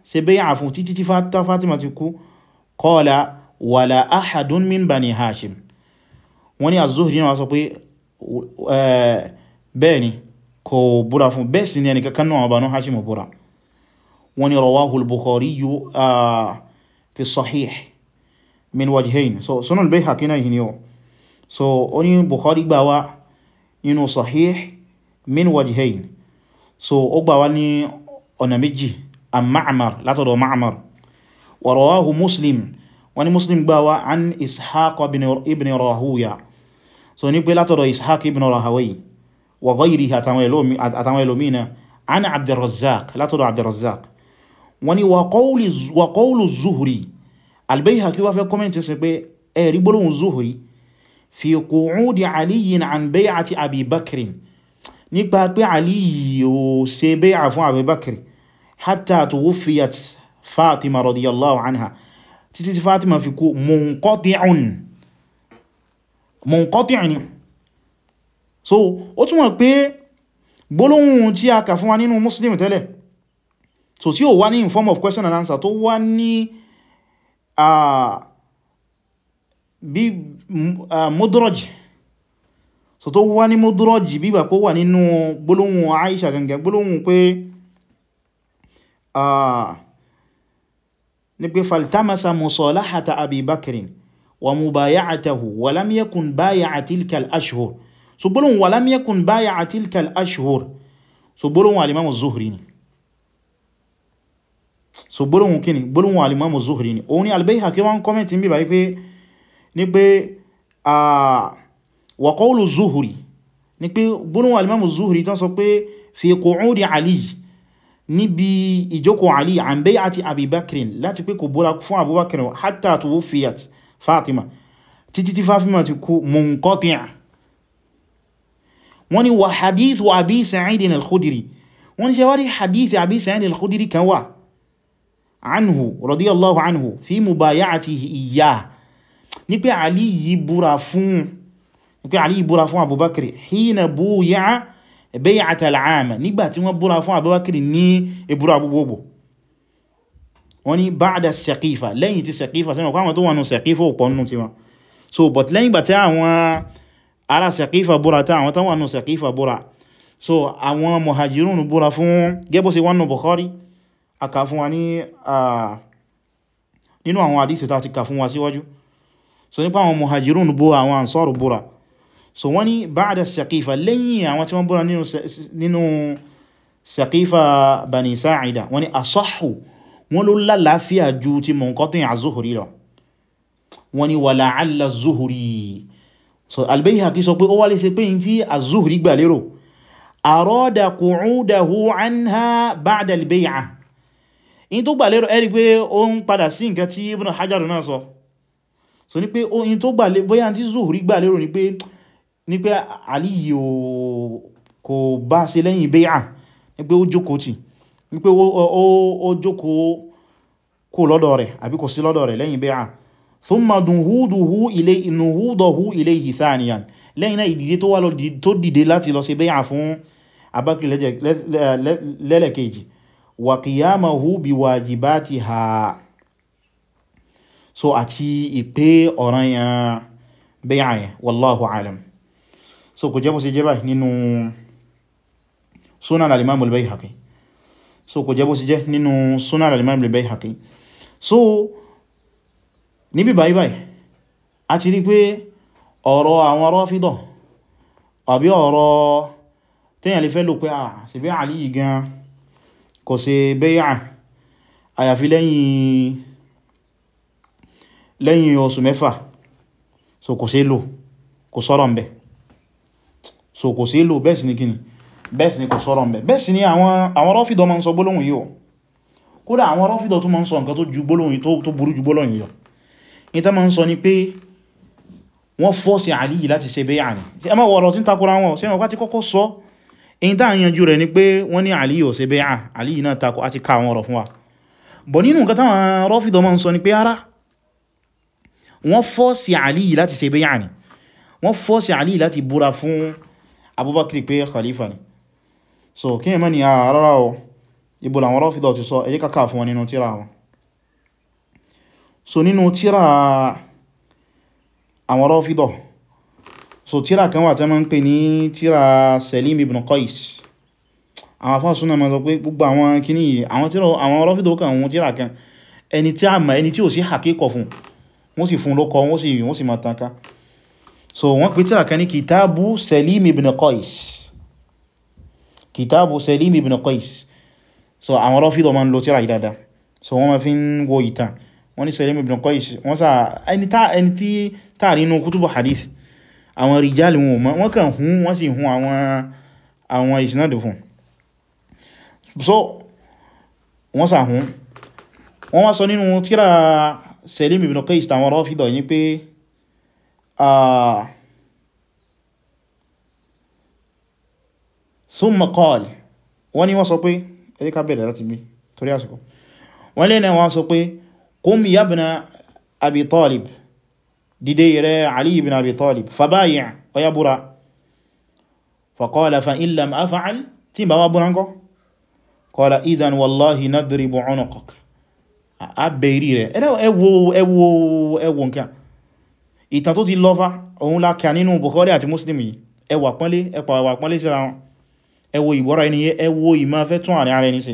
ṣe bay'a fún títí fatima ti kú qala wala ahadun min bani hashim wọ́n ní az-zuhri náà sọ pé eh, bẹ́ẹ̀ni kò búra fún bẹ́ẹ̀ sí ní ẹni kankan náà Banu Hashim búra wọ́n ni rawahul Bukhari yu fi sahih min wajhayn so sunan Bayhaqi náà yìí ni ó so ó ní Bukhari gbà wá nínú sahih min wajhayn so ó gbà wá ní ọ̀nà méjì an Ma'mar látọ̀dọ̀ Ma'mar wa rawahu Muslim wọ́n ni Muslim gbà an Ishaq ibn Rahuya so ní pé látọ̀dọ̀ Ishaq ibn Rahawayi وغيره أتوى إلومينا عن عبد الرزاق لا تدع عبد الرزاق وني وقول, وقول الزهري البيهقي وفي كومنت سيبي اي بلون الزهري في قعود علي عن بيعة أبي بكر nípa pé Àlí ó ṣe bẹ́yà fún Abubakar hatta tuwufiyat Fatima radiyallahu anha títí tí Fatima fi منقطع munqati'un so ó túnmọ̀ pé gbólóhùn tí a kà fún wa nínú muslim tẹ́lẹ̀ so tí ó wá ní in form of question and answer tó wá ní bí mudraj so tó wá ní mudraj bíbà kó wà nínú gbólóhùn Aisha gangan gbólóhùn pé ní pé faltamasa musalahata Abi Bakrin wa mubaya'atahu wa lam yakun baya'a tilka so gbólóhùn wà lam yakun báyà tilka al-ashhur so gbólóhùn alimamu zuhri ni so gbólóhùn kíni gbólóhùn alimamu zuhri ni òun ni al-Bayhaqi wọ́n kọ́mẹ̀tì ń bí báyí pé ní pé wa qawlu zuhri ní pé gbólóhùn alimamu zuhri tán sọ pé fi qu'udi ali níbi ìjókòó ali an bay'ati láti pé kò búra fún abubakrin hatta tuwufiyat fatima títí tí fatima ti kú munqati' wọ́n ní wà hadithu àbí sa'idin al-khudiri wọ́n ní ṣe wárí hadithi àbí sa'idin al-khudiri kan wà anhu radiyallahu anhu fi mubaya'atihi iyyah ní pé ali yìí búra fún ní pé ali yìí búra fún abubakar hina buya'a bay'ata al-'ama nígbà tí wọ́n búra fún abubakar ní ìbúra gbogbogbò wọ́n ní ba'da saqifa lẹ́yìn tí saqifa sẹ́mọ̀ àwọn tó wà nù ò pọ̀ nù tiwọn so but lẹ́yìn gbà tí àwọn ara Saqifa búra tá àwọn tán wà nù búra so àwọn Muhajirun búra fún gẹ́bọ́ sí wọ́n nù Bukhari a kà fún wa ní nínú àwọn hadisi tá ti kà fún wa síwájú so nípa àwọn Muhajirun búra àwọn Ansar búra so wọ́n ní ba'da Saqifa lẹ́yìn àwọn tí wọ́n búra nínú Saqifa Bani Sa'ida wọ́n ní asahhu wọ́n ló lálàáfíà ju ti Munqati' az-Zuhri lọ wọ́n ní wa la'alla so al-Bayhaqi sọ pé ó wá lè ṣe pé yìí tí az-Zuhri gbà lérò arada qu'udahu anha ba'da al-bay'ah in tó gbà lérò ẹ́rí pé ó ń padà sí nǹkan Ibn Hajar náà sọ so ní pé in tó gbà lérò bóyá tí Zuhri gbà lérò ní pé ní pé Ali kò bá ṣe lẹ́yìn bay'ah ní pé ó jókòó tì ní pé ó jókòó kò lọ́dọ̀ rẹ̀ àbí kò sí lọ́dọ̀ rẹ̀ lẹ́yìn bay'ah thumma nuhuduhu ilayhi nuhuduhu ilayhi thaniyan lẹ́yìn náà ìdìde tó dìde láti lọ sí bẹ́yà fún abákìrí lẹ́lẹ̀kejì wa qiyamahu bi wajibatiha so àti ìpé ọ̀ranyàn bẹ́yà yẹn wallahu alam so kò jẹ́ bó ṣe jẹ́ báyìí nínú sunan al-imam al-bayhaqi so kò jẹ́ bó ṣe jẹ́ nínú sunan al-imam al-bayhaqi so níbi báyìí a ti rí pé ọ̀rọ̀ àwọn Rāfidah àbí ọ̀rọ̀ tẹ́yàn lè fẹ́ lò pé àà sì bí Àlì yìí gan kò ṣe bay'a àyàfi lẹ́yìn oṣù mẹ́fà so kò ṣe lò kò sọ̀rọ̀ mẹ́ kódà àwọn Rāfidah tún ma ń sọ nǹkan tó burú ju gbólóhùn yìí lọ ní tán ma ń sọ ni pé wọ́n fọ́sí àlì láti ṣe bẹ́yà ní ṣe ẹmọ́ wọ̀rọ̀ tí ń takora wọn ṣe wọ́n ti kọ́kọ́ sọ èyí tá àyànjú rẹ̀ ni pé wọ́n ní àlì ò ṣe bẹ́yà àlì náà takò àti ká wọn rọ̀ fún wa bọ̀ nínú nǹkan táwọn rọ́fìdọ̀ ma ń sọ ni pé ara wọ́n fọ́sí àlì láti ṣe bẹ́yà ní wọ́n fọ́sí àlì láti búra fún abubakar pé khalifa ni so kí ẹ̀mọ́ ni àárọ̀ ah, ibo làwọn rọ́fìdọ̀ ti sọ ẹjẹ́ kaka fún wọn nínú tíra wọn so nínú tírà àwọn Rāfidah so tírà kan wà tí a máa ń pè ní tírà Salim ibn Qais àwọn afọ́ súnà máa sọ pé gbogbo àwọn kìíní yìí àwọn tírà àwọn Rāfidah kan àwọn tírà kan ẹni tí a mọ̀ ẹni tí ò sí hakíkọ̀ fún wọ́n sì fún lókọ wọ́n sì wọ́n sì máa tanka so wọ́n pè tírà kan ní kìtàbù Salim ibn Qais kìtàbù Salim ibn Qais so àwọn Rāfidah máa ń lo tírà yìí dáadáa so wọ́n máa fi ń wo ìtàn wọ́n ní Sulaym ibn Qais wọ́n sá ẹni tí tààrínú kútùbù hadith àwọn rijal wọn mọ́ wọ́n kàn hún wọ́n sì hún àwọn ìsinádò fún so wọ́n sá hún wọ́n wá sọ nínú tíra Sulaym ibn Qais tàwọn Rafida yí pé thumma qala wọ́n ní wọ́n sọ pé ẹ̀yíká bẹ̀rẹ̀ láti bí torí àsìkò wọ́n lè náà wọ́n sọ pé قم يا ابن أبي طالب ديدي علي بن أبي طالب فبايع ويا برا فقال فإن لم أفعل تيم بابا برانكو قال إذن والله نضرب عنقك abẹ̀rí rẹ̀ ẹwọ ẹwọ ẹwọ nǹkan ìtàn tó ti lọ́fà òun la kà nínú Bukhari àti Muslim yìí ẹwà pọ́nlé ẹpà wà pọ́nlé síra wọn ẹwọ ìbọ́ra ẹni ẹwọ ìmá fẹ́ tún àrin ara ẹni ṣe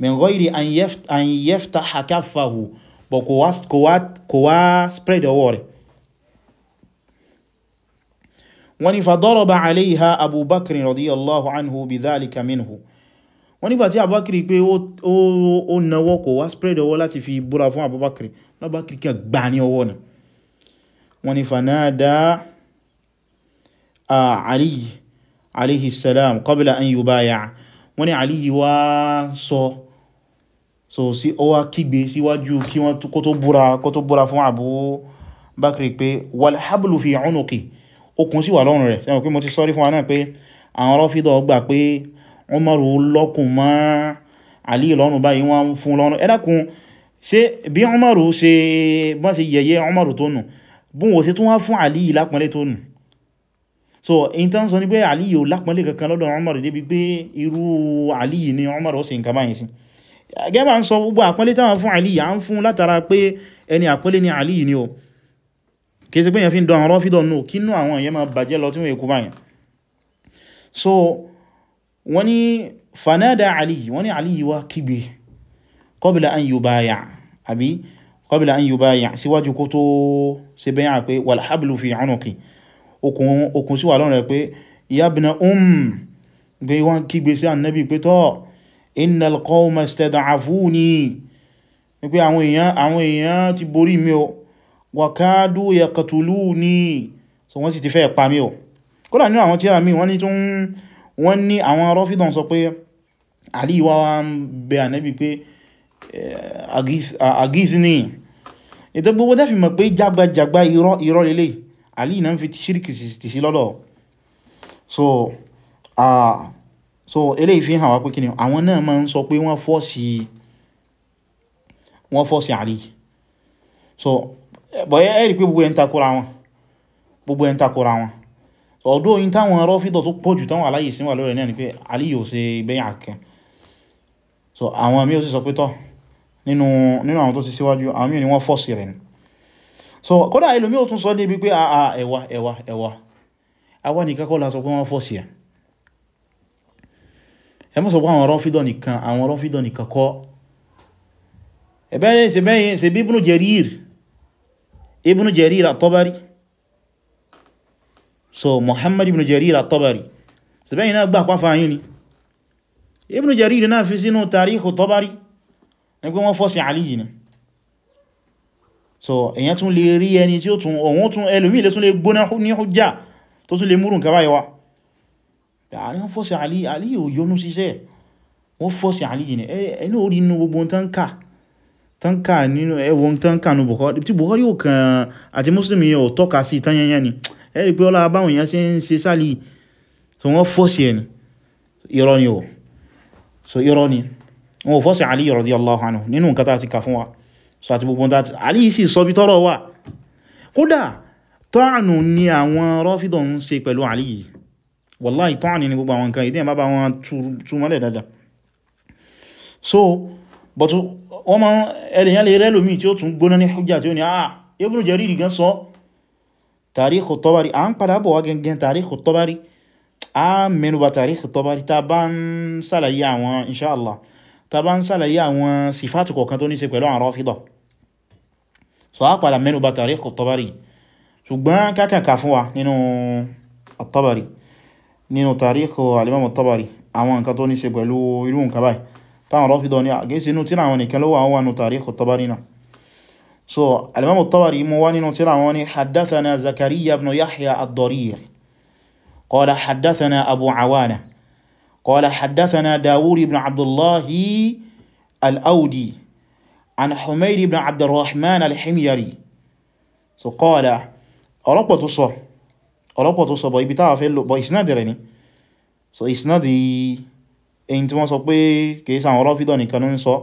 min ghairi an yaftaha kaffahu bọ̀ kò wá spread ọwọ́ rẹ̀ wọ́n ni fadaraba alayha abubakar radiyallahu anhu bidhalika minhu wọ́n nígbàtí abubakar pé ó nawọ́ kò wá spread ọwọ́ láti fi búra fún abubakar lọ́bàkiri kí a gbà ní ọwọ́ náà wọ́n ni fanáàdá aliyu alayhi salam qabla an yubaya wọ́n ni aliyu wá sọ so, so sí ó wá kígbe síwájú kí wọ́n kó tó búra kó tó búra fún Abu Bakri pé walhablu fi unuqi okùn sí wà lọ́rùn rẹ̀ sẹ́wọ̀n pé mo ti sọ́rí fún wa náà pé àwọn Rafida gbà pé Umaru lọ́kùn mọ́ Ali lọ́rùn báyìí wọ́n fún lọ́rùn ẹ̀dàkùn ṣe bí Umaru ṣe bọ́n ṣe yẹ̀yẹ́ Umaru tó nù bóun ò ṣe tún wá Ali lápọ̀nlé tó nù so in tán sọ ní pé Ali yóò lápọ̀nlé kankan lọ́dọ̀ Umaru débi pé irú Ali ni Umaru ó ṣe nǹkan báyìí sí gẹ́bà ń sọ gbogbo àpọ́nlé táwọn fún Àlì à ń fún látara pé ẹni àpọ́nlé ni Àlì ni o kìí sí pé yẹn fi ń dán àwọn rọ́fídọ̀ náà kí nú àwọn èyẹ ma bàjẹ́ lọ tí wọ́n èkú báyìí so wọ́n ni fanada Àlì wọ́n ni Àlì wá kígbe qabla an yubaya àbí qabla an yubaya síwájú kó tó ṣe bẹ́yà pé wal hablu fi unuqi okùn sí wà lọ́rẹ̀ um gbé wọ́n kígbe sí annabi pé tọ́ innal qawma istad'afuni ní pé àwọn èèyàn àwọn èèyàn ti borí mi o wa kadu yaqtuluni so wọ́n sì ti fẹ́ pa mí o kódà nínú àwọn tíra mi wọ́n ní tún wọ́n ní àwọn Rafidan sọ pé Ali wá ń bẹ Ànábì pé eh, agizni ìtẹ́ gbogbo dẹ́fì mọ̀ pé jágbàjàgbà irọ́ lélẹ̀ Àlì náà fi ṣíríkì sí lọ́dọ̀ so uh, so eléyìí fi hàn wá pé kíni àwọn náà máa ń sọ pé wọ́n fọ́ọ̀sì àrí so bọ̀yẹ́ ẹ̀rí pé gbogbo ẹ̀ wọn gbogbo ẹ̀ wọn ọ̀dọ́ yìí táwọn rọ́fídọ̀ tó pọ̀jù táwọn aláyè síwà lórí náà ni pé Àlí yóò ṣe bẹ́yà so àwọn mí ó sì sọ pé tọ́ nínú àwọn tó ti síwájú àwọn mí ni wọ́n fọ́ọ̀sì rẹ̀ so kódà ẹlòmí ó tún sọ débi pé àà ah, ah, ẹ̀wà ẹ̀wà ẹ̀wà àwa nìkan kọ́ la sọ pé wọ́n fọ́ọ̀sì rẹ̀ ẹ mọ́ sọ pé àwọn rọ́fídọ̀ nìkan àwọn rọ́fídọ̀ nìkan kọ́ ẹ̀bẹ́rẹ́ ṣe bí ibùnú Jarir ibùnú Jarir at-Tabari so Muhammad ibùnú Jarir at-Tabari ṣe bẹ́yìn náà gbà pàfà yìí ni ibùnú Jarir náà fi sínú tàríkù Tabari ní pé wọ́n fọ́sí Aliyu ni so èyàn tún lè rí ẹni tí ó tún ohun tún ẹlòmí lè tún lè gbóná ní hujja tó tún lè múrùn kàbáyẹwàá àwọn fọ́sí Àlí Àlí ò yọnú síṣẹ́ wọ́n fọ́sí Àlí yìí ẹni orí inú gbogbo tánkà tánkà nínú ẹwọ́n tánkà nù Bukhari tí Bukhari ò kàn àti Muslim yẹn ò tọ́ka sí tányányá ni ẹ̀rí pé ọlá báwọn èèyàn sí ń ṣe sálì so wọ́n fọ́sí ẹni irọ́ ni ò so irọ́ ni wọ́n ò fọ́sí Àlí radiyallahu anhu nínú nǹkan tá ti kà fún wa so wallahi ta'ani ni gbogbo àwọn nǹkan ìdí ẹ̀má bá wọn túnmọ́lẹ̀ dada so but wọ́n ma ẹlẹ́yàn lè rẹ́lòmí tí ó tún gbóná ní hujja tí ó ní àà ah, Ibn Jarir gan sọ Tarikh at-Tabari a ń padà bọ̀ wá gẹngẹn Tarikh at-Tabari a mẹ́nubà Tarikh at-Tabari ta bá ń sàlàyé àwọn insha Allah ta bá ń sàlàyé àwọn sífàtù kọ̀ọ̀kan tó ní ṣe pẹ̀lú àwọn so a padà mẹ́nubà Tarikh at-Tabari ṣùgbọ́n kákàkà fún wa nínú at nínú tàríkù al-Imam at-Tabari àwọn nǹkan tó ní ṣe pẹ̀lú irú nǹkan báyìí táwọn Rāfidah ní àgẹ́sí inú tira wọn ní àwọn nìkan ló wà wọ́n nínú tàríkù at-Tabari náà so al-Imam at-Tabari mú wá nínú tíra wọn ní haddathana Zakariya ibn Yahya ad-Darir qala haddathana Abu Awana قال حدثنا داود بن عبد الله الأودي عن حمير بن عبد الرحمن الحميري so قال tó sọ ọlọ́pọ̀ tó sọ̀bọ̀ ibi táwà fẹ́ lò bọ̀ ìsìnàdì rẹ̀ ni so ìsìnàdì èyí tí wọ́n sọ pé kìí sàwọn rọ́fídọ̀ nìkan ń sọ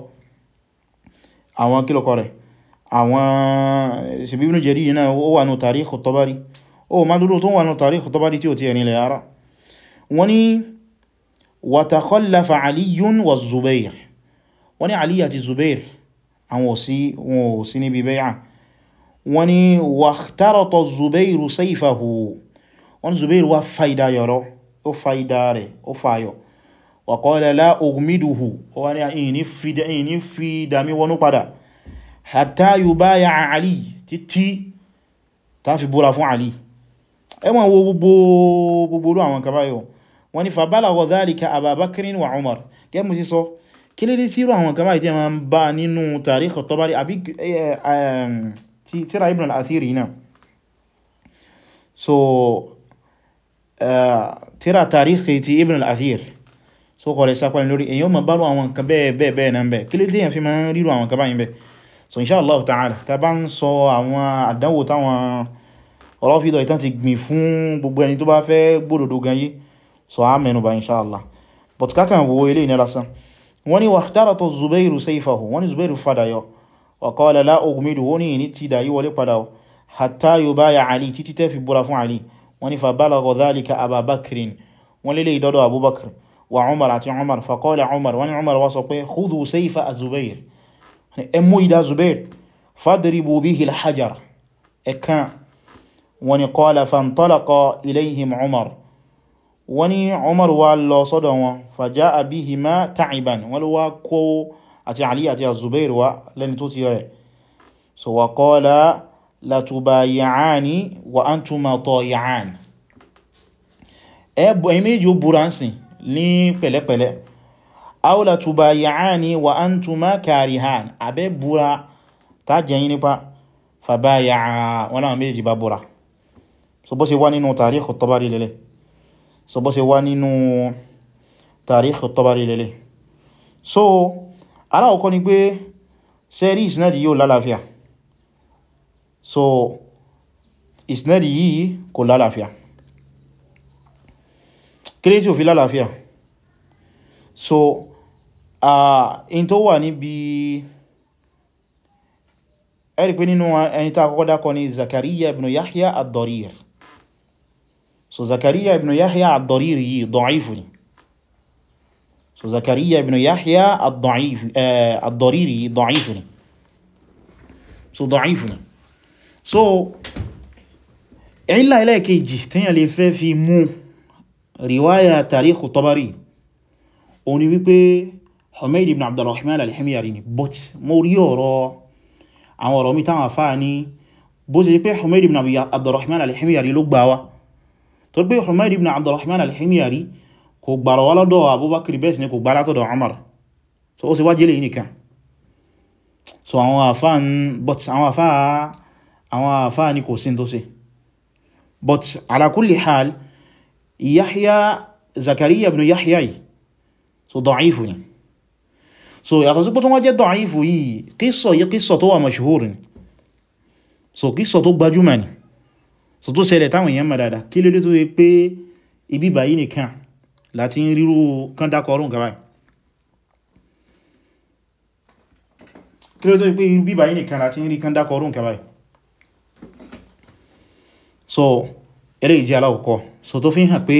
àwọn kílọ̀kọ rẹ̀ àwọn ṣebí Ibn Jarir náà ó wà ní Tarikh at-Tabari ó má dúró tó wà ní Tarikh at-Tabari tí ó ti ẹni ilẹ̀ ara wọ́n ni wa Zubairu sayfahu wọ́n zubair wá fàídà yọ̀rọ̀ ó fàídà rẹ̀ ó fàyọ̀ wa qala la ughmiduhu ó wá ní ìní fi dàmí wọnú padà hatta yubaya Ali títí ta fi búra fún Ali ẹwọ́n wo gbogbo àwọn kabayọ̀ wọ́n ni fabalagha dhalika Aba Bakrin wa Umar gẹ́mù sí sọ kí lè sí irú àwọn kabayọ̀ so tíra tàríkì ti Ibn al-Athir so kọ̀rẹ̀ sápa lórí èyàn ma bárò àwọn nǹkan bẹ́ẹ̀ bẹ́ẹ̀ bẹ́ẹ̀ náà bẹ́ẹ̀ kí ló dé yàn fi máa ń ríro àwọn nǹkan báyìí bẹ́ẹ̀ so insha Allah ta'ala ta bá ń sọ àwọn àdánwò táwọn ọlọ́fíìdọ̀ ìtàn ti gbìn fún gbogbo ẹni tó bá fẹ́ gbódòdó gan yí so a mẹ́nubà insha Allah but kákan wo ilé ìnira san wọ́n ni wakhtarata wọ́n ní fàbálagọ̀ dhalika abubakirin wọ́n lè lè dọ́dọ̀ abubakir wa umar àti umar faqala umar wọ́n ní umar wá sọ pé khudhu sayfa azubair ẹmú ìdá zubair fadribu bihi alhajar ẹ̀kan wọ́n wọ́n ní umar latubayi'ani wa antuma tayi'an ẹbọ̀ iméjì ó búra ń sìn ní pẹ̀lẹ́pẹ̀lẹ́ aw latubayi'ani wa antuma karihan abẹ́ búra tàjẹyìn nípa fàbáyà wọn náà méjì bá búra so bó ṣe wá nínú tàríkù tọ́bárí lẹ́lẹ́ so bó ṣe wá nínú tàríkù so aláwọ̀kọ́ ni pé sẹ́rí ìsinadi yóò lálàáfíà so it's not kò lálàáfíà kílé tí ò fi so a in wa ni bi. ẹ̀rí pé nínú ẹni tá àkọ́kọ́ dákọ ni Zakariya ibn Yahya ad-Darir so Zakariya ibn Yahya ad-Darir yìí da'ifu ni so Zakariya ibn Yahya eh, ad-Darir yìí da'ifu ni so da'ifu ni so ìlà ẹlẹ́ẹ̀kejì tíyàn lè fẹ́ fi mú riwaya tarikh Tabari ó ní wípé Humayd ibn Abdurrahman al-Himyari ni but mo rí ọ̀rọ̀ àwọn ọ̀rọ̀ mi táwọn afá ní bó ṣe pé Humayd ibn Abdurrahman al-Himyari ló gbà tó pé Humayd ibn Abdurrahman al-Himyari kò gbàrọ̀ wá lọ́dọ̀ Abubakar bẹ́ẹ̀ ni kò gbà látọ̀dọ̀ Umar so ó sì wájẹ́lẹ̀ yìí nìkan so àwọn afá àwọn àfáà ní kò sí tó sí but ala kulli hal Yahya Zakariya ibn Yahya yìí so da'ifu ni so yàtọ̀ sí pé tó wọ́n jẹ́ da'ifu yìí kíso yìí kíso tó wà mashhur so kíso tó gbajúmọ̀ ni so tó ṣẹlẹ̀ táwọn èèyàn mọ̀ dáadáa kí lórí tó yẹ pé ibi báyìí nìkan láti ń ríru kan dákọ̀ ọrùn kàbáyì kí lórí tó yẹ pé ibi báyìí nìkan láti ń rí kan dákọ̀ ọrùn so eléyìí jẹ́ alákọ̀ọ́kọ́ so tó fi hàn pé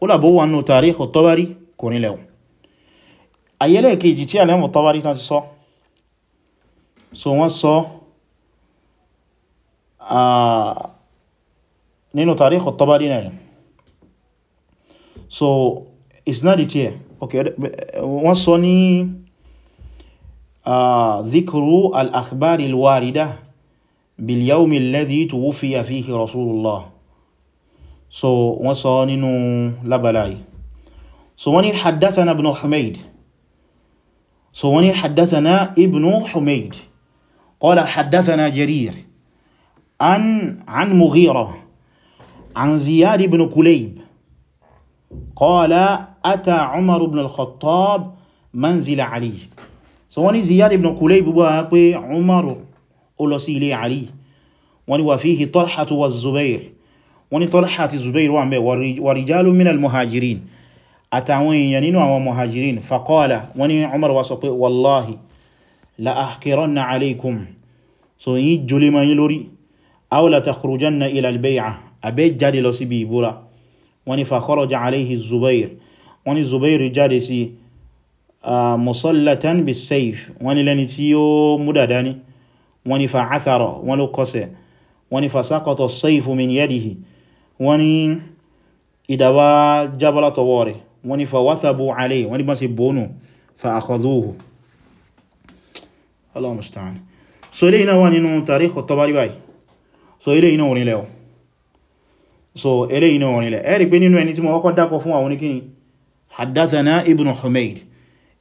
ó làbó wà nínú Tarikh at-Tabari kò nílẹ̀ àyẹ́lẹ̀ kejì tí Imam at-Tabari tán ti sọ so wọ́n sọ nínú Tarikh at-Tabari náà so isnadi tí ẹ̀ wọ́n sọ ní dhikru al-akhbari al-warida باليوم الذي توفي فيه رسول الله سو وصانن لبلاي سو وني حدثنا ابن حميد سو وني حدثنا ابن حميد قال حدثنا جرير عن عن مغيرة عن زياد بن كليب قال أتى عمر بن الخطاب منزل علي سواني زياد بن كليب وقال عمر ó lọ sí ilé Ali wọ́n ní wà fíhì Talhatu wa Zubair wọ́n ní Talha àti Zubair wà ń bẹ̀ wa rijalun minal muhajirin àtàwọn èèyàn nínú àwọn muhajirin faqala wọ́n ní Umar wa sọ pé wallahi la ahkiranna alaykum so yí jùlé ma yí lórí aw la takhrujanna ila al-bay'a abẹ́ jáde lọ sí bí ìbúra wọ́n ní fakharaja alayhi Zubair wọ́n ní Zubair jáde sí ah, musallatan bis sayf wọ́n ní tí ó múdàdá ni wọ́n ni fa athara wọ́n ló kọsẹ̀ wọ́n ni fa saqata as-sayfu min yadihi wọ́n ni ìdàwà jábọ́lá tọwọ́ rẹ̀ wọ́n ni fa wathabu alayhi wọ́n ni bá sì bónú fa akhadhuhu ibn Humayd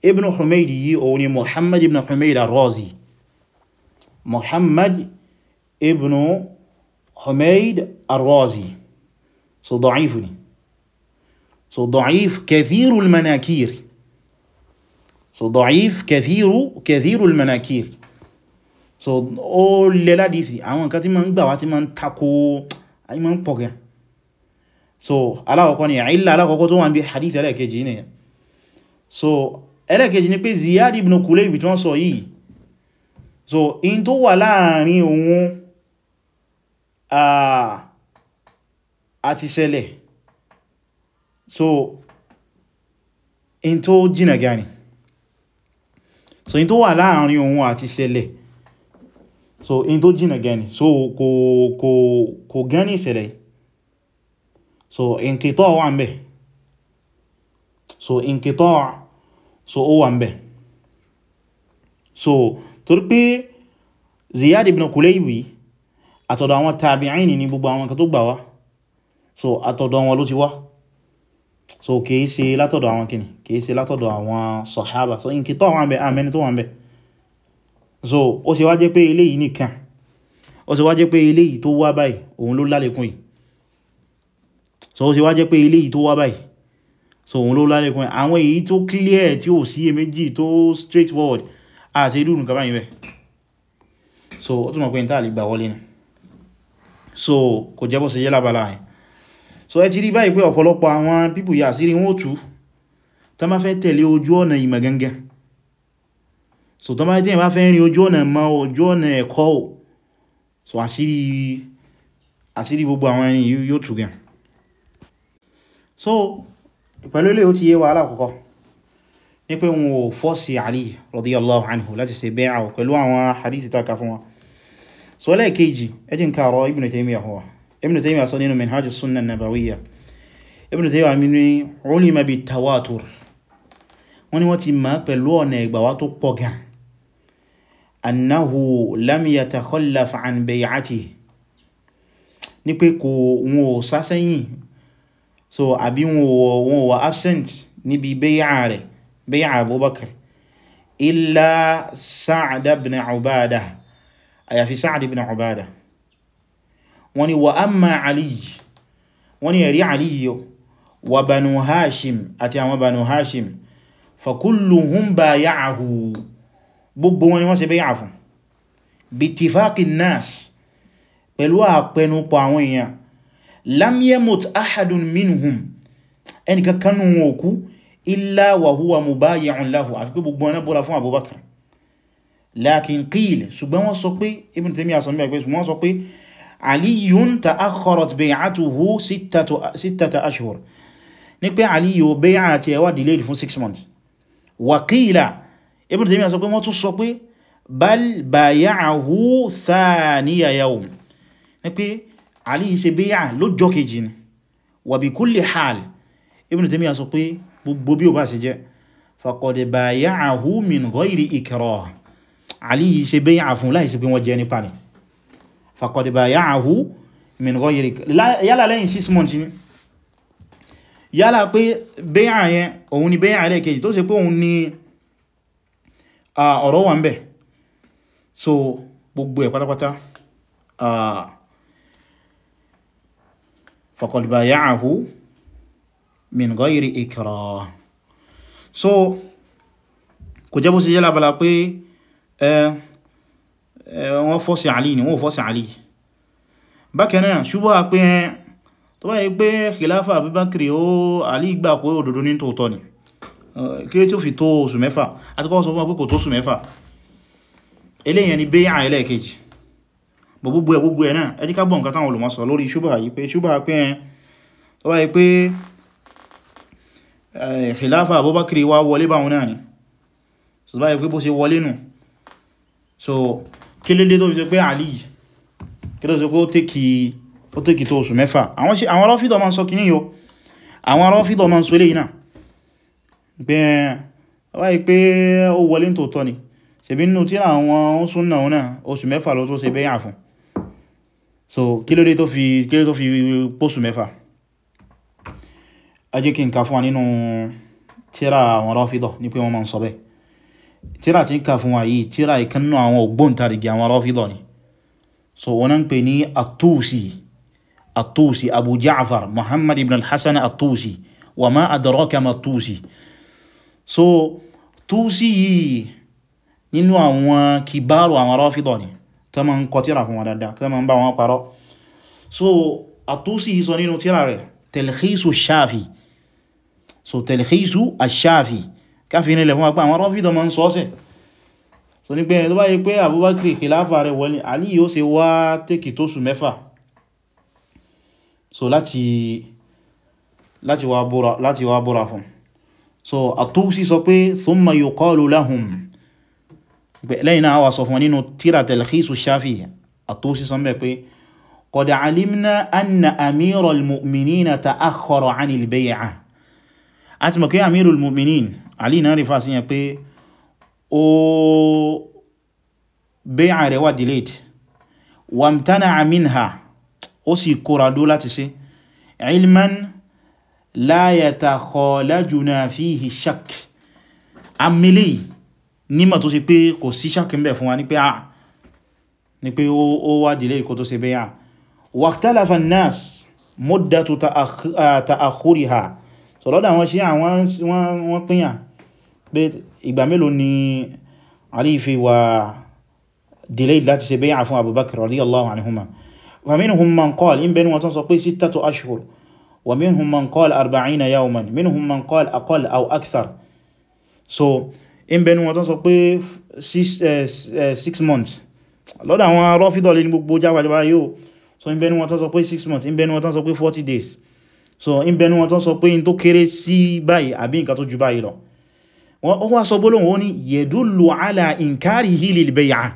ibn Humayd yìí òun ni Muhammad ibn Humayd ar-Razi Muhammad ibn Humayd al-Razi so da'if ni so da'if kathirul manakir so da'if kathiru kathirul manakir so ó lè ládìsí àwọn nǹkan tí ma ń gbà wá tí ma ń takò ayi ma ń pọ̀ gan so alákọ̀ọ́kọ́ ni àìlà alákọ̀ọ́kọ́ tó wà ń bí hadith ẹlẹ́ẹ̀kejì ni so ẹlẹ́ẹ̀kejì ni pé Ziyad ibn Kulayb tí wọ́n sọ yìí so in tó wà láàrin òun ati sele so in tó jìnà gani so in tó wà láàrin òun àti ṣẹlẹ̀ so in tó jìnà gani so ko ko ko gani sele so inqita' wà ń bẹ̀ so inqita' so ó wà ń so torí pé Ziyad ibn Kulaybi àtọ̀dọ̀ àwọn tabi'in ní gbogbo àwọn kan tó gbà wá so àtọ̀dọ̀ wọn ló ti wá so kìí ṣe látọ̀dọ̀ àwọn kìnnì kìí ṣe látọ̀dọ̀ àwọn sọ̀hábà so in kì tọ́ wọn bẹ àmẹ́ni tó wọn bẹ so ó ṣe wá jẹ́ pé eléyìí nìkan ó ṣe wá jẹ́ pé eléyìí tó wá báyìí òun ló lálékún yìí so ó ṣe wá jẹ́ pé eléyìí tó wá báyìí so òun ló lálékún yìí àwọn èyí tó clear tí ò sí èméjì tó straightforward a ṣe irú nǹkan báyìí bẹ́ so ó túnmọ̀ pé ní tàà lè gbà wọlé ni so kò jẹ́ bó ṣe yẹ́ lábala yẹn so ẹ ti rí báyìí pé ọ̀pọ̀lọpọ̀ àwọn pípù yà sí rí wọ́n tú tó má fẹ́ tẹ̀lé ojú ọ̀nà ìmọ̀ gangan so tó má jẹ́ ìmá fẹ́ rin ojú ọ̀nà ma ojú ọ̀nà ẹ̀kọ́ o so àṣírí gbogbo àwọn ẹni yóò tú gan so pẹ̀lú ilé ó ti yé wa alákọ̀ọ́kọ́ ní pé wọn ò fọ́sí Ali radiyallahu anhu láti ṣe bẹ́ẹ̀à pẹ̀lú àwọn hadith taka fún wọn so lẹ́ẹ̀kejì ẹjìn kààrọ Ibn Taymiyyah huwa Ibn Taymiyyah sọ nínú Minhajus Sunnah Nabawiyyah Ibn Taymiyyah mi ní ulima bi tawatur wọ́n ní wọ́n ti máa pẹ̀lú ọ̀nà ìgbàwá tó pọ̀ gan níbi bẹ́yà rẹ̀ بيع أبو بكر إلا سعد بن عبادة أي في سعد بن عبادة وني وأما علي وني يري علي وبنو هاشم أتي أما بنو هاشم فكلهم بايعه gbogbo wọn ni wọ́n ṣe bẹ́yà fún bitifaki nas pẹ̀lú àpẹnupọ̀ àwọn èèyàn lam yamut ahadun minhum ẹnìkankanú òkú illa wa huwa mubayi'un lahu àfi pé gbogbo ọ̀nà bora fún Abubakar lakin qil ṣùgbọ́n wọ́n sọ pé Ibn taymiya sọ mẹ́rin pé ṣùgbọ́n wọ́n sọ pé ali yun ta'akhkharat bay'atuhu sittatu sittata ashhur ní pé ali yo bay'ati e wa delayed fún 6 months wa qila Ibn taymiya sọ pé wọ́n tún sọ pé bal bay'ahu thaniya yawm ní pé ali ṣe bay'a lọ́jọ́ kejì ni wa bi kulli hal Ibn taymiya sọ pé gbogbo bí ó bá ṣe jẹ́ faqad bay'ahu min ghayri ikrah Àlí yìí ṣe bay'a fún láìsí pé wọ́n jẹ́ nípa ni faqad bay'ahu min ghayri yálà lẹ́yìn 6 months ni yálà pé bay'a yẹn òun ni bay'a lẹ́ẹ̀kejì so gbogbo ẹ̀ pátápátá faqad bay'ahu min ghayri ikrah so kò jẹ́ bó ṣe jẹ́ lábala pé wọ́n fọ́sí àlì ni wọ́n fọ́sí àlì bákanáà ṣùgbọ́n pé tó bá yí pé khilafa abubakar ó àlì ìgbà pé òdodo ní tòótọ́ ni kí tí ó fi tó oṣù mẹ́fà àti kọ́ sọ fún àpíkò tó oṣù mẹ́fà eléyàn ni bẹ́yà ẹlẹ́ẹ̀kejì gbogbo ẹ̀ ẹ̀ náà ẹjíká gbọ́n nǹkan táwọn olùmọ́sọ lórí ṣùgbọ́n yí pé ṣùgbọ́n pé tó bá pé Eh, khilafa abubakiri wá wọlé báwọn náà ni so báyìí pé bó ṣe wọlé nù so kí lélé tó fi ṣe pé àlì kí ló ṣe pé ó tèkì tó oṣù mẹ́fà àwọn rọ́fídọ̀ ma ń sọ kìíní yóò àwọn rọ́fídọ̀ ma ń sọ eléyìí náà pé wáyé pé ó wọlé ní tòótọ́ ni ṣebí nínú tí àwọn oṣù náà náà oṣù mẹ́fà ló tó ṣe bẹ́yà fún so kí ló dé tó fi pósù mẹ́fà ajé kí n ká fún wa nínú tíra àwọn Rāfidah ní pé wọ́n ma ń sọ bẹ́ tíra tí ń ká fún wa yìí tíra ìkánnà àwọn ògbóǹtarìgì àwọn Rāfidah ni so wọ́n ń pè ní At-Tūsī At-Tūsī Abu Ja'far Muhammad ibn al-Hasan At-Tūsī wa mā adrāka mā At-Tūsī so Tūsī yìí nínú àwọn kìbáàrù àwọn Rāfidah ni tó ma ń kọ tíra fún wa dáadáa tó ma ń bá wọn parọ́ so at yìí sọ nínú tíra rẹ̀ Talkhīsu so telkhisu ash-Shafi káfí nílẹ̀ fún apá àwọn rọ́fídọ̀ ma ń sọ́ọ́sẹ̀ so ní pé tó bá yí pé Abubakar khilafa rẹ̀ wọlé Ali yóò ṣe wá tèkì tó sù mẹ́fà so láti láti wá búra láti wá búra fún so At-Tusi sọ thumma yuqalu lahum lẹ́yìn náà wà sọ fún nínú tíra Talkhisu Shafi At-Tusi sọ mẹ́ pé qad alimna anna amiral mu'minina ta'akhkhara 'anil a ti mọ̀ pé amirul mu'minin Ali náà rí fásí yẹn pé ó bẹ́yà rẹ̀ wà delayed wamtana'a minha ó sì kóra dó láti ṣe ilman la yatakhalajuna fihi shak amílì nímọ̀ tó ṣe pé kò sí shak ń bẹ̀ fún wa ní pé a ah, ní pé ó wà delayed kó tó ṣe bẹ́yà waqtalafa an-nas muddatu ta'akhuriha so lọ́dọ̀ àwọn Shia wọ́n pínyà pé ìgbà mélòó ni Ali fi wà delayed láti ṣe bay'a fún Abubakar radiyallahu anhuma wa minhum man qala in bẹni wọn tán sọ pé sittatu ashhur wa minhum man qala arba'ina yawman minhum man qala aqall aw akthar so in bẹni wọn tán sọ pé 6 eh, eh, months lọ́dọ̀ àwọn Rafidha ní gbogbo jágbàjábá yóò so in bẹni wọn tán sọ pé 6 months in bẹni wọn tán sọ pé 40 days so in bẹnu wọn tán sọ pé in tó kéré sí báyìí àbí nǹkan tó ju báyìí lọ wọ́n ó wá sọ gbólóhùn ó ní yadullu ala inkarihi lil bay'a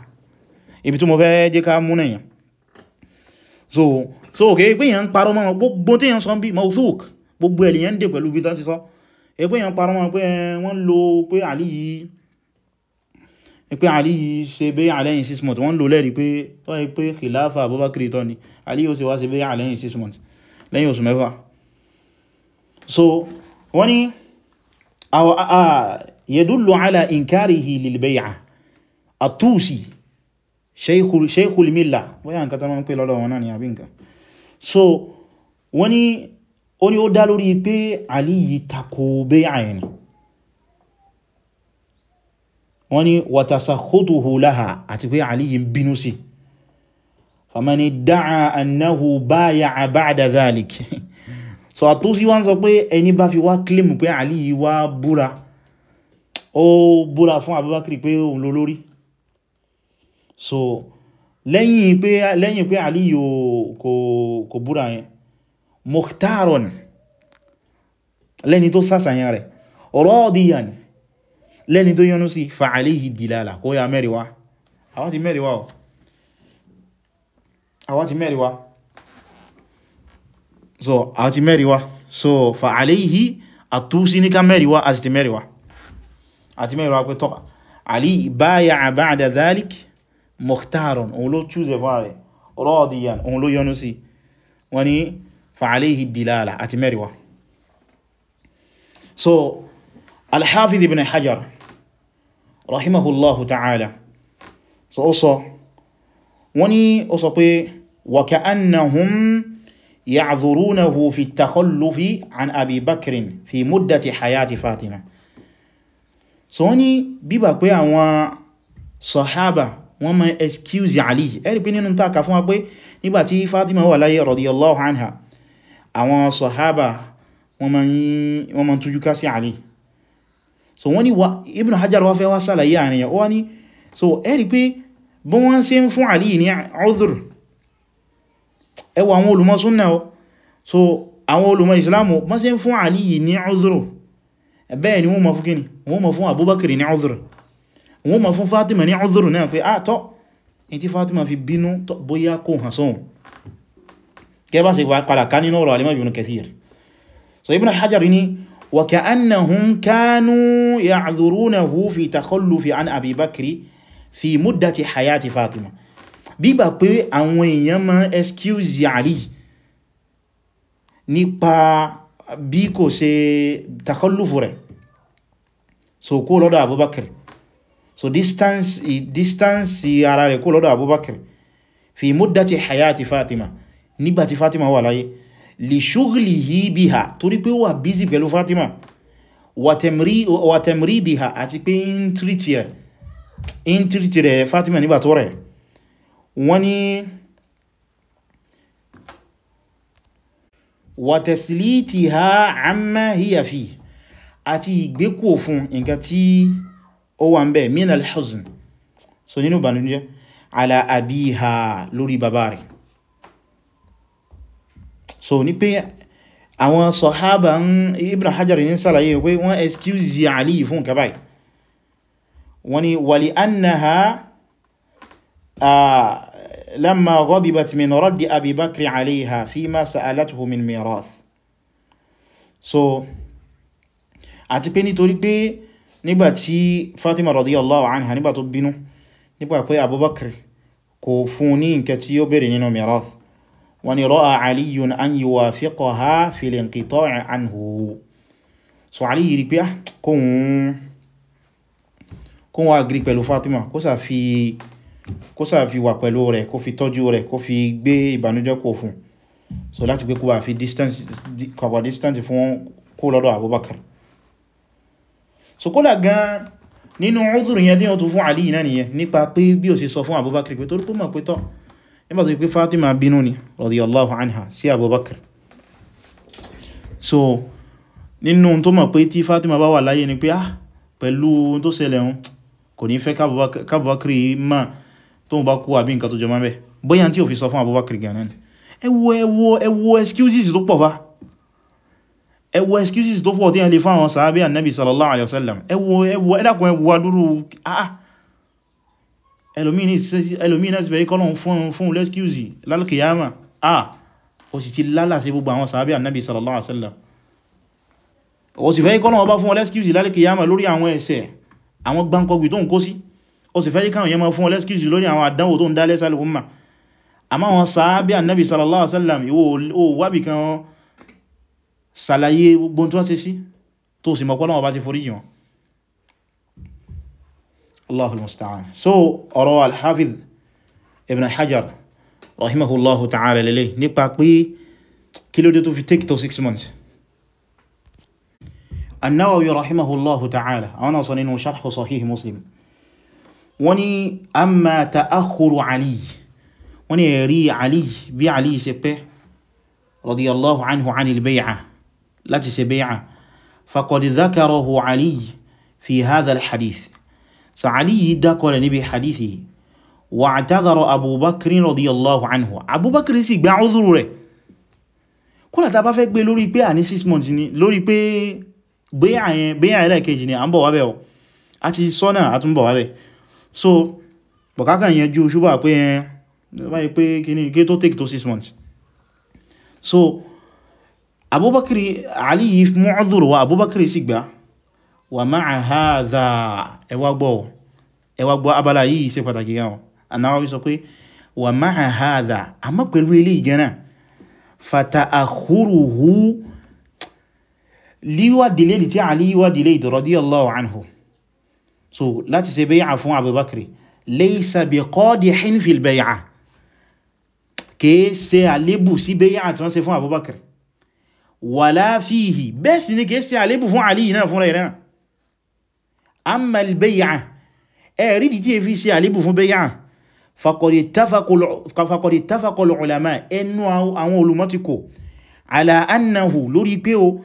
ibi tí mo fẹ́ jẹ́ ká mú nìyàn so so òkè pé yẹn ń parọ́ mọ́ gbogbo tí yẹn sọ bí mawthuk gbogbo ẹ̀lì yẹn ń dè pẹ̀lú bí tán ti sọ ẹgbẹ́ yẹn parọ́ mọ́ pé wọ́n lo pé àlì yìí pé àlì yìí ṣe bẹ́ àlẹ́yìn 6 months wọ́n lò lẹ́rí pé tọ́ pé khilafa Abubakar tọ́ ni àlì yóò ṣe wá ṣe bẹ́ àlẹ́yìn 6 months lẹ́yìn oṣù mẹ́fà so wọ́n ni yadullu ala inkarihi lil bay'a atusi shaykhul shaykhul milla bóyá nǹkan ta ma ń pè lọ́dọ̀ wọn náà ni àbí nǹkan so wọ́n ni ó ní ó dá lórí pé Ali yìí takò bay'a yẹn ni wọ́n ni àti pé Ali yìí ń bínú sí famani da'a annahu bay'a ba'da dhalik so àtúnsí wá ń sọ pé ẹni bá fi wá kílìmù pé àlì yìí wá búra ó búra fún abubakar pé òun ló lórí so lẹ́yìn pé lẹ́yìn pé àlì yìí kò búra yẹn mukhtaron lẹ́ni tó sásàyàn rẹ̀ radiyan lẹ́ni tó yọ́nú sí fa'alayhi dilala kó ya mẹ́rìwá àwa ti mẹ́rìwá so a ti so fa alayhi àtúsí ní ká mẹ́riwá a sì ti mẹ́riwá a ti mẹ́riwá pé tọ́ka ali baya ba'da dhalik mukhtaron òun ló túnzẹ̀ fún radiyan òun ló yọnú sí wọ́n fa alayhi dilala a ti so al-Hafidh ibn Hajar rahimahullahu ta'ala so ó sọ wọ́n ni wa ka'annahum يعذرونه في التخلف عن أبي بكر في مدة حياة فاطمة so wọ́n ní bíbà pé àwọn sọ̀hábà wọ́n ma excuse Ali ẹ̀rì pé nínú tàkà fún wa pé nígbàtí Fatima wà láyé radiyallahu anha àwọn sọ̀hábà wọ́n ma tújú ká sí Ali so wọ́n ní Ibn Hajar wá fẹ́ wá sàlàyé àníyàn wọ́n ní so ẹ̀rì pé bí wọ́n ṣe ń fún Ali ní udhr ẹwọ àwọn olùmọ̀ súnnà ọ so àwọn olùmọ̀ islamu ma ṣe ń fún aliyi ní uzuru bẹ́ẹ̀ ni wọ́n ma fún kíni wọ́n ma fún abubakar ní uzuru wọ́n ma fún fatima ní uzuru náà pé ah tọ́ in ti fatima fi bínú bóyá kó hàn sóhun so ibn hajar ni wa ka'annahum kanu ya'dhurunahu fi takhallufi an abi bakri fi muddati gbígbà pé àwọn èèyàn ma excuse Ali nípa bí kò ṣe takọlùfù rẹ̀ so kó lọ́dọ̀ Abubakar so distance distance ara rẹ̀ kó lọ́dọ̀ Abubakar fi muddati hayati Fatima nígbàtí Fatima wà láyé li shughlihi biha torí pé wà busy pẹ̀lú Fatima wa tamridiha àti pé in treat rẹ̀ Fatima nígbà tó rẹ̀ wọ́n ni wàtẹ̀sílítìhá àmà híyàfí àti ìgbékò fún nǹkan tí ó wà ń bẹ̀ min al-huzn so nínú ìbànújẹ́ ala abiha lórí bàbá rẹ̀ so ní pé àwọn sọ̀hábà ń ibn hajar ní sàlàyé pé wọ́n excuse ali fún kàbáyì wọ́n ni wàlì annaha لما غضبت من رد أبي بكر عليها فيما سألته من ميراث so àti pé nítorí pé nígbàtí Fatima radiyallahu anha nígbà tó bínú nípa pé Abubakar kò fún ní nǹkan tí ó bèèrè nínú mirath wọ́n ra'a aliyun an yuwafiqaha fil inqita'i anhu so Ali yìí rí pé ah, kóhun wá agri pẹ̀lú Fatima kó sà fi kó sáà fi wà pẹ̀lú rẹ̀ kó fi tọ́jú rẹ̀ kó fi gbé ìbànújẹ́ kò fún so láti pé kó bá fi kọ̀wà distance fún kó lọ́dọ̀ Abubakar so kódà gan nínú udhur yẹn tí wọ́n tún fún Ali náà nìyẹn nípa pé bí ó ṣe sọ fún Abubakar pé torí pé mọ̀ pé tọ́ nígbà pé Fatima bínú ni radiyallahu anha sí Abubakar so nínú tó mọ̀ pé tí Fatima bá wà láyé ni pé ah pẹ̀lú tó ṣẹlẹ̀ hùn kò ní fẹ́ kábùbákiri máa tóun bá kú àbí nǹkan tó jẹ mọ́ bẹ́ bóyá tí ò fi sọ fún Abubakar gan náà ẹwọ ẹwọ ẹwọ excuses tó pọ̀ fa ẹwọ excuses tó pọ̀ tí a lè fún àwọn sàábé annabi sallallahu alaihi wasallam ẹwọ ẹwọ ẹdàkùn ẹwọ adúrú ah, ah. ẹlòmínà sí fẹ́ kọ́lọ̀ fún fún lẹ́skúsì lálkìyàmà ah ó sì ti lálà sí gbogbo àwọn sàábé annabi sallallahu alaihi wasallam ó sì fẹ́ kọ́lọ̀ ọba fún lẹ́skúsì lálkìyàmà lórí àwọn ẹ̀ṣẹ̀ àwọn gbankọgbì tó ń kó sí ó sì fẹ́ káwọn yẹn máa fún ọlẹ́skìsì lórí àwọn àdánwò tó ń dá lẹ́sà lùmà àmá wọn sàábí annabi sallallahu alaihi wasallam ìwò wábì kan wọn sàlàyé gbogbo tó ṣe sí tó sì mọ̀ bá ti foríjì wọn Allahul so ọ̀rọ̀ al-Hafiz ibn Hajar rahimahullahu ta'ala lele nípa pé kí ló dé tó fi take to six months an-Nawawi rahimahullahu ta'ala àwọn sọ nínú sharh sahih Muslim wọ́n ni amma ta'akhuru ali wọ́n ni ẹ̀rí ali bí ali ṣe pẹ́ radiyallahu anhu anil bay'a láti ṣe bay'a faqad dhakarahu ali fi hadha al-hadith sa ali yìí dákọrẹ̀ níbi hadithi wa'tadhara abubakar radiyallahu anhu abubakar sì gbá uzuru rẹ̀ kúrò tàbá fẹ́ gbé lórí pé à ní 6 months ni lórí pé bay'a yẹn bay'a ẹlẹ́kejì ni à ń bọ̀ wábẹ̀ so bọ̀kákà yẹn jú ṣúgbà pé ẹn báyìí pé kíní gé tó take to six months so abubakiri ali yìí mu'adhur wa abubakiri sì gbá wa ma'a hadha ẹwàgbọ́ ẹwàgbọ́ abala yìí ṣe pàtàkì yàwó anáwọ́wí sọ pé wa ma'a hadha a mọ́ pẹ̀lú ilé ìgẹ́nà fata akhuruhu liwa delayed tí ali wa delayed radiyallahu anhu so láti ṣe bẹ́yà fún abubakri laysa bi qadihin fil bay'a kìí ṣe àlébù sí bẹ́yà tí wọ́n ṣe fún abubakri wala fihi bẹ́ẹ̀ sì ni kìí ṣe àlébù fún ali náà fún rẹ̀ náà amma al bay'a ẹ̀rí dì tí è fi ṣe àlébù fún bẹ́yà ala annahu lórí pé o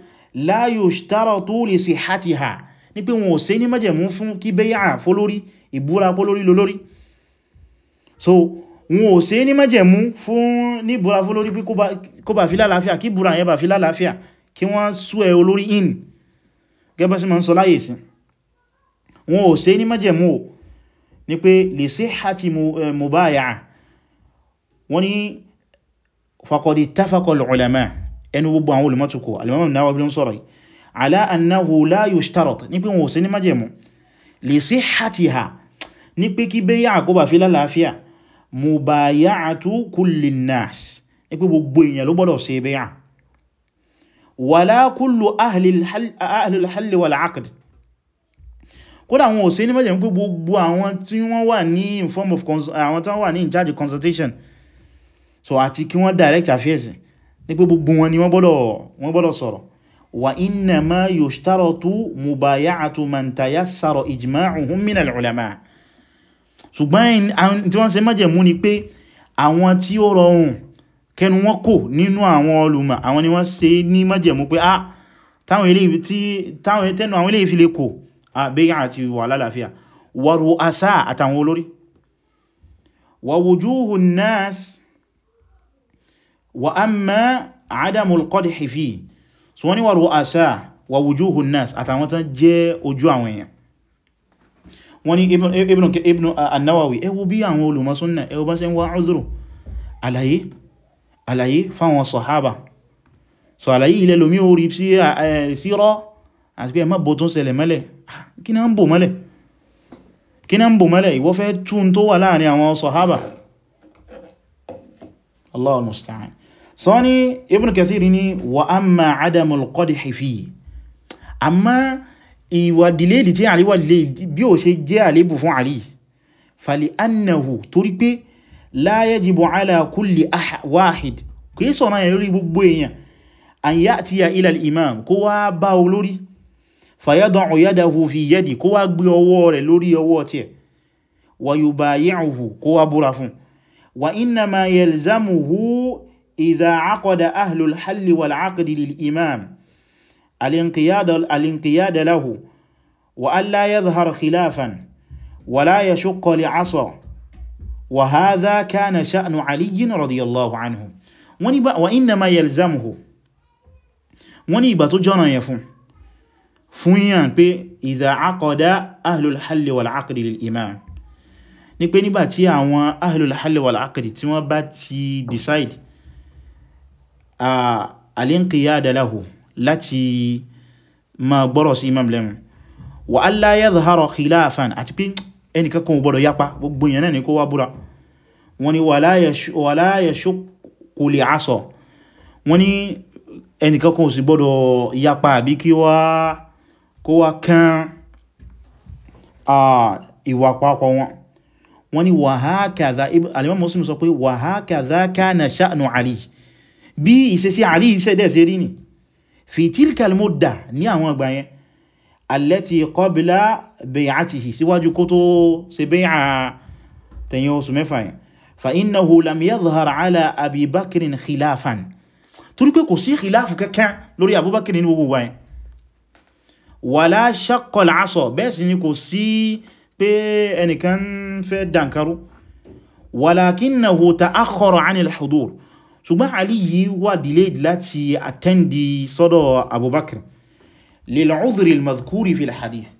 la yushtaratu li sihhatiha ní pé wọn ò ṣe ní májẹ̀mú fún kí bẹ́yà fólórí ìbúra fólórí lólórí so wọn ò ṣe ní májẹ̀mú fún ní búra fólórí pé kó bá fi lálàáfíà kí búra yẹn bá fi lálàáfíà kí wọ́n sú ẹ olórí in gẹ́bẹ́ sí ma ń sọ láyè sí wọn ò ṣe ní májẹ̀mú ò ní pé lè sí hàtí eh, mubaya wọ́n ni faqad ittafaqa ulama ẹnu gbogbo àwọn olùmọ́tukọ̀ al-imam an ń sọ̀rọ̀ yìí ala annahu la yushtarat ní pé wọn ò sí ní májẹ̀mú li sihhatiha ní pé kí bẹ́yà àkóbà fi lálàáfíà mubaya'atu kulli nas ní pé gbogbo èèyàn ló gbọ́dọ̀ ṣe bẹ́yà wala kullu ahli al-hal wal 'aqd kódà sí ní májẹ̀mú wà ní in form of àwọn tí wà ní in charge consultation so àti kí wọ́n direct affairs ní pé gbogbo wọn ni wọ́n gbọ́dọ̀ sọ̀rọ̀ وإنما يشترط مبايعة من تيسر إجماعهم من العلماء ṣùgbọ́n tí wọ́n ṣe májẹ̀mú ni pé àwọn tí ó rọrùn kẹnu wọn kò nínú àwọn olùmọ̀ àwọn ni wọ́n ṣe ní májẹ̀mú pé ah táwọn àwọn ilé ìfilé kò àbẹ́yà ah, àti wà lálàáfíà wọ́rọ̀ asá àtàwọn olórí wa so wọ́n ni wà ru'asa wà wujuhu nas àtàwọn tán jẹ́ ojú àwọn èèyàn wọ́n ni ibn uh, annawawi ẹwú bí àwọn olùmọ́súnnà ẹwú bá ṣe ń wá uzuru àlàyé àlàyé fáwọn sọ̀hábà so àlàyé ilẹ̀ lomi orí sí rọ́ àti pé ẹmà bò tún ṣẹlẹ̀ mẹ́lẹ̀ ah, kí náà ń bò mẹ́lẹ̀ kí náà ń bò mẹ́lẹ̀ ìwọ fẹ́ tún tó wà láàrin àwọn sọ̀hábà Allahu musta'an sọ ní Ibn Kathir ní wa amma adamul qadhi fi amma ìwà dìléèdì tí àríwá dìléèdì bí ó ṣe jẹ́ àlébù fún àrí fali annahu torí pé la yajibu ala kulli wahid kò yí sọ̀rọ̀ yẹn lórí gbogbo èèyàn an ya'tiya ila al-imam kó wá bá olórí fayada'u yadahu fi yadi kó wá gbé ọwọ́ rẹ̀ lórí ọwọ́ tiẹ̀ wa yubayi'uhu kó wá búra fún wa innama yalzamuhu إذا عقد أهل الحل والعقد للإمام الانقياد, الانقياد له وأن لا يظهر خلافا ولا يشق لعصى وهذا كان شأن علي رضي الله عنه وإنما يلزمه wọ́n ní ìgbà tó jọ́nà yẹn fún fún yíyàn pé idha aqada ahlul halli wal aqdi lil imam ní pé nígbà tí àwọn ahlul halli wal aqdi tí wọ́n bá ti decide al-inqiyada lahu láti ma gbọ́rọ̀ sí imam lẹ́nu wa allá yadhhara khilafan àti pé ẹnìkan kan ò gbọ́dọ̀ yapa gbogbo èèyàn náà ni kó wá búra wọ́n ni wala yashukku li'asa wọ́n ni ẹnìkan kan ò sì gbọ́dọ̀ yapa àbí kí wá kó wá kán ìwà papọ̀ wọn wọ́n ni wa hakadha al-imam sọ pé wa hakadha kana sha'nu Ali bí ìṣesí àrí ìṣẹ́dẹ̀ sí rí nì fi tilkal mudda ní àwọn ìgbà yẹn allati qabla bay'atihi síwájú kó tó ṣe bay'a tẹ̀yìn oṣù mẹ́fà yẹn fa innahu lam yadhhar ala abi bakrin khilafan torí pé kò sí khilafu kankan lórí abubakar ní gbogbo wáyẹn wala shaqqa al ṣùgbọ́n Ali yìí wà delayed láti attendí sọ́dọ̀ Abubakar lil udhri al-madhkuri fil hadith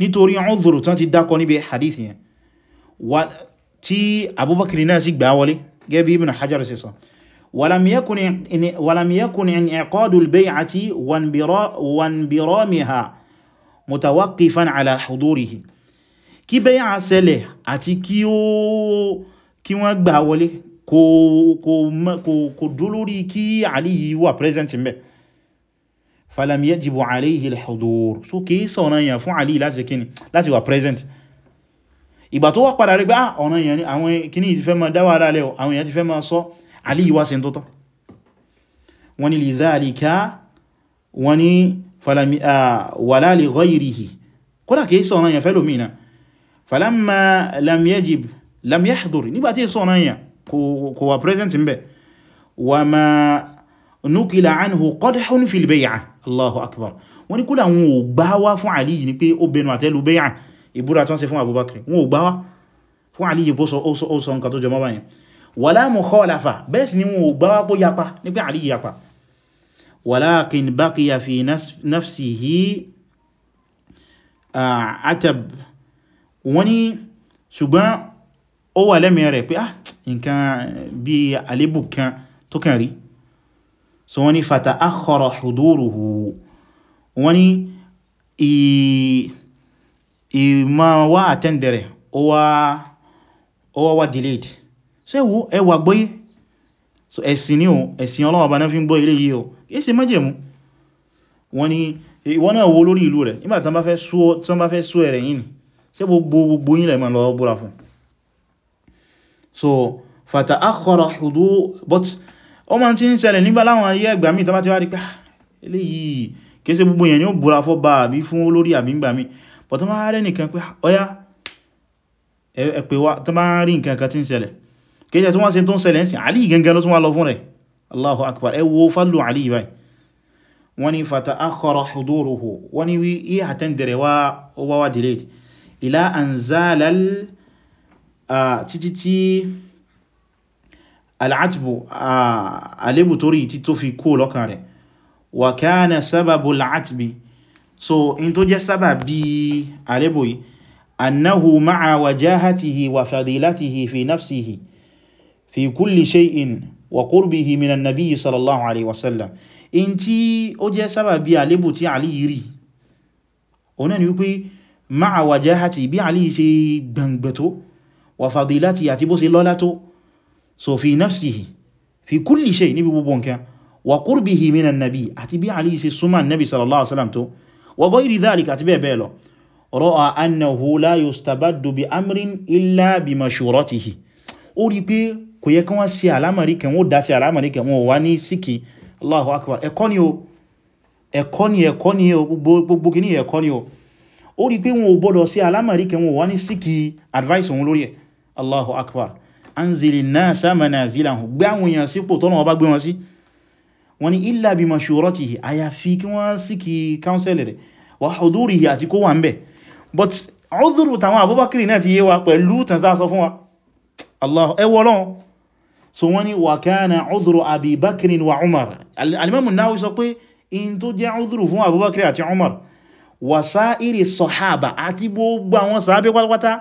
nítorí udhru tán ti dákọ níbi hadith yẹn wà tí Abubakar náà sì gbà wọlé gẹ́bí Ibn Hajar sí sọ walam yakun in'iqadu al-bay'ati wanbiramiha mutawaqqifan ala hudurihi kí bẹ́yà sẹlẹ̀ àti kí ó kí wọ́n gbà wọlé kò dó lórí kí àlì yìí wà present mẹ́ falam yajibu alayhi al-hudur so kìí sọ ọ̀nà èèyàn fún àlì láti kíni láti wà present ìgbà tó wà padà rí pé ah, ọ̀nà èèyàn àwọn kíní ti fẹ́ ma dáwà alálẹ́ àwọn èèyàn ti fẹ́ ma sọ àlì yìí lam yahdhur nígbàtí èso ọ̀nà yà kò wà present ń bẹ̀ wa ma nukila anhu qadhun fil bay'ah allahu akbar wọ́n ní kúlà wọn ò gbá wá fún aliyu ni pé ó bẹnu àtẹ́lù bay'ah ìbúra tán ṣe fún abubakar wọn ò gbá wá fún aliyu bó sọ ó sọ nǹkan tó jọmọ́ báyìí wala mukhalafa bẹ́ẹ̀ sì ni wọn ṣùgbọ́n ó wà lẹ́mìí rẹ̀ pé ah nǹkan bí àlébù kan tó kàn rí so wọ́n ni fata akhara huduruhu wọ́n ni ìmọ̀ wá àtẹ́ndẹ̀rẹ̀ ó wá wá delayed so ẹwọ ẹwà gbóyé so ẹ̀sìn ni o ẹ̀sìn Ọlọ́run bá náà fi ń gbọ́ ilé yìí o kìí ṣe májẹ̀mú wọ́n ni ìwọ́n náà wo lórí ìlú rẹ̀ nígbàtí wọ́n bá fẹ́ sú ẹ̀rẹ̀ yìí ni ṣe gbogbo gbogbo yìí lẹ́mọ̀ lọ búra fún so fata akhara hudu but o ma ti ń ṣẹlẹ̀ nígbà láwọn ayé ẹgbà mi tàbí wá rí pé ah, eléyìí kéèsè gbogbo èèyàn ni ó búra fọ́ bá àbí fún olórí àbí ń gbà mí but tó máa rẹ̀ nìkan pé ọya ẹ̀pẹ̀ wa tó máa rí nǹkan kan tí ń ṣẹlẹ̀ kéèsè tó wá ṣe tó ń ṣẹlẹ̀ ń sìn Àlí ló tún wá lọ fún rẹ̀ Allahu akbar ẹ wo fálù Àlí báyìí wọ́n ni fata akhara huduruhu wọ́n ni wí ihe àtẹ́ndẹ̀rẹ̀ wá wá wá delayed ila anzalal títí tí al'atbu àlébù torí tí tó fi kó lọ́kàn rẹ̀ wa kana sábàbù al'atbi so in tó jẹ́ sábàbí àlébù yìí annahu ma'a wajahatihi wa fadilatihi fi nafsihi fi kulli shay'in wa qurbihi minan nabiyyi sallallahu alaihi wasallam in tí ó jẹ́ sábàbí àlébù tí Ali yìí ọ̀nà ni wípé ma'a wajahati bí Ali ṣe gbàngbẹ̀tó wa fadilati àti bó ṣe lọ́lá tó so fi nafsihi fi kulli shay níbi gbogbo nǹkan wa qurbihi minan nabi àti bí ali ṣe súnmọ́ nabi sallallahu alaihi wasallam tó wa ghayri dhalika àti bẹ́ẹ̀ bẹ́ẹ̀ lọ ra'a annahu la yustabaddu bi amrin illa bi mashuratihi ó rí pé kò yẹ kán wá sí àlámàrí kẹwọn ó dá sí àlámàrí kẹwọn wá ní síkì Allahu akbar ẹ̀kọ́ ni o ẹ̀kọ́ ni ẹ̀kọ́ ni o gbogbo kìíní ẹ̀kọ́ ni o ó rí pé wọn ò gbọ́dọ̀ sí àlámàrí kẹwọn wá ní síkì advice òun lórí ẹ̀ Allahu akbar anzili nasa manazilahum gbé àwọn èèyàn sípò tọ́nà ọba gbé wọn sí wọ́n ní illa bi mashuratihi àyàfi kí wọ́n sí kí káúnsẹ̀lì rẹ̀ wà hudurihi àti kó wà ń but ọdúrù tàwọn abúbákiri náà ti yé wa pẹ̀lú tànsá sọ fún wa Allah ẹwọ́ lọ́n so wọ́n ní wa kana udhru Abi Bakrin wa Umar al-Imam an-Nawawi sọ pé in tó jẹ́ udhru fún Abubakar àti Umar wa sa'iri sahaba àti gbogbo àwọn sàábé pátápátá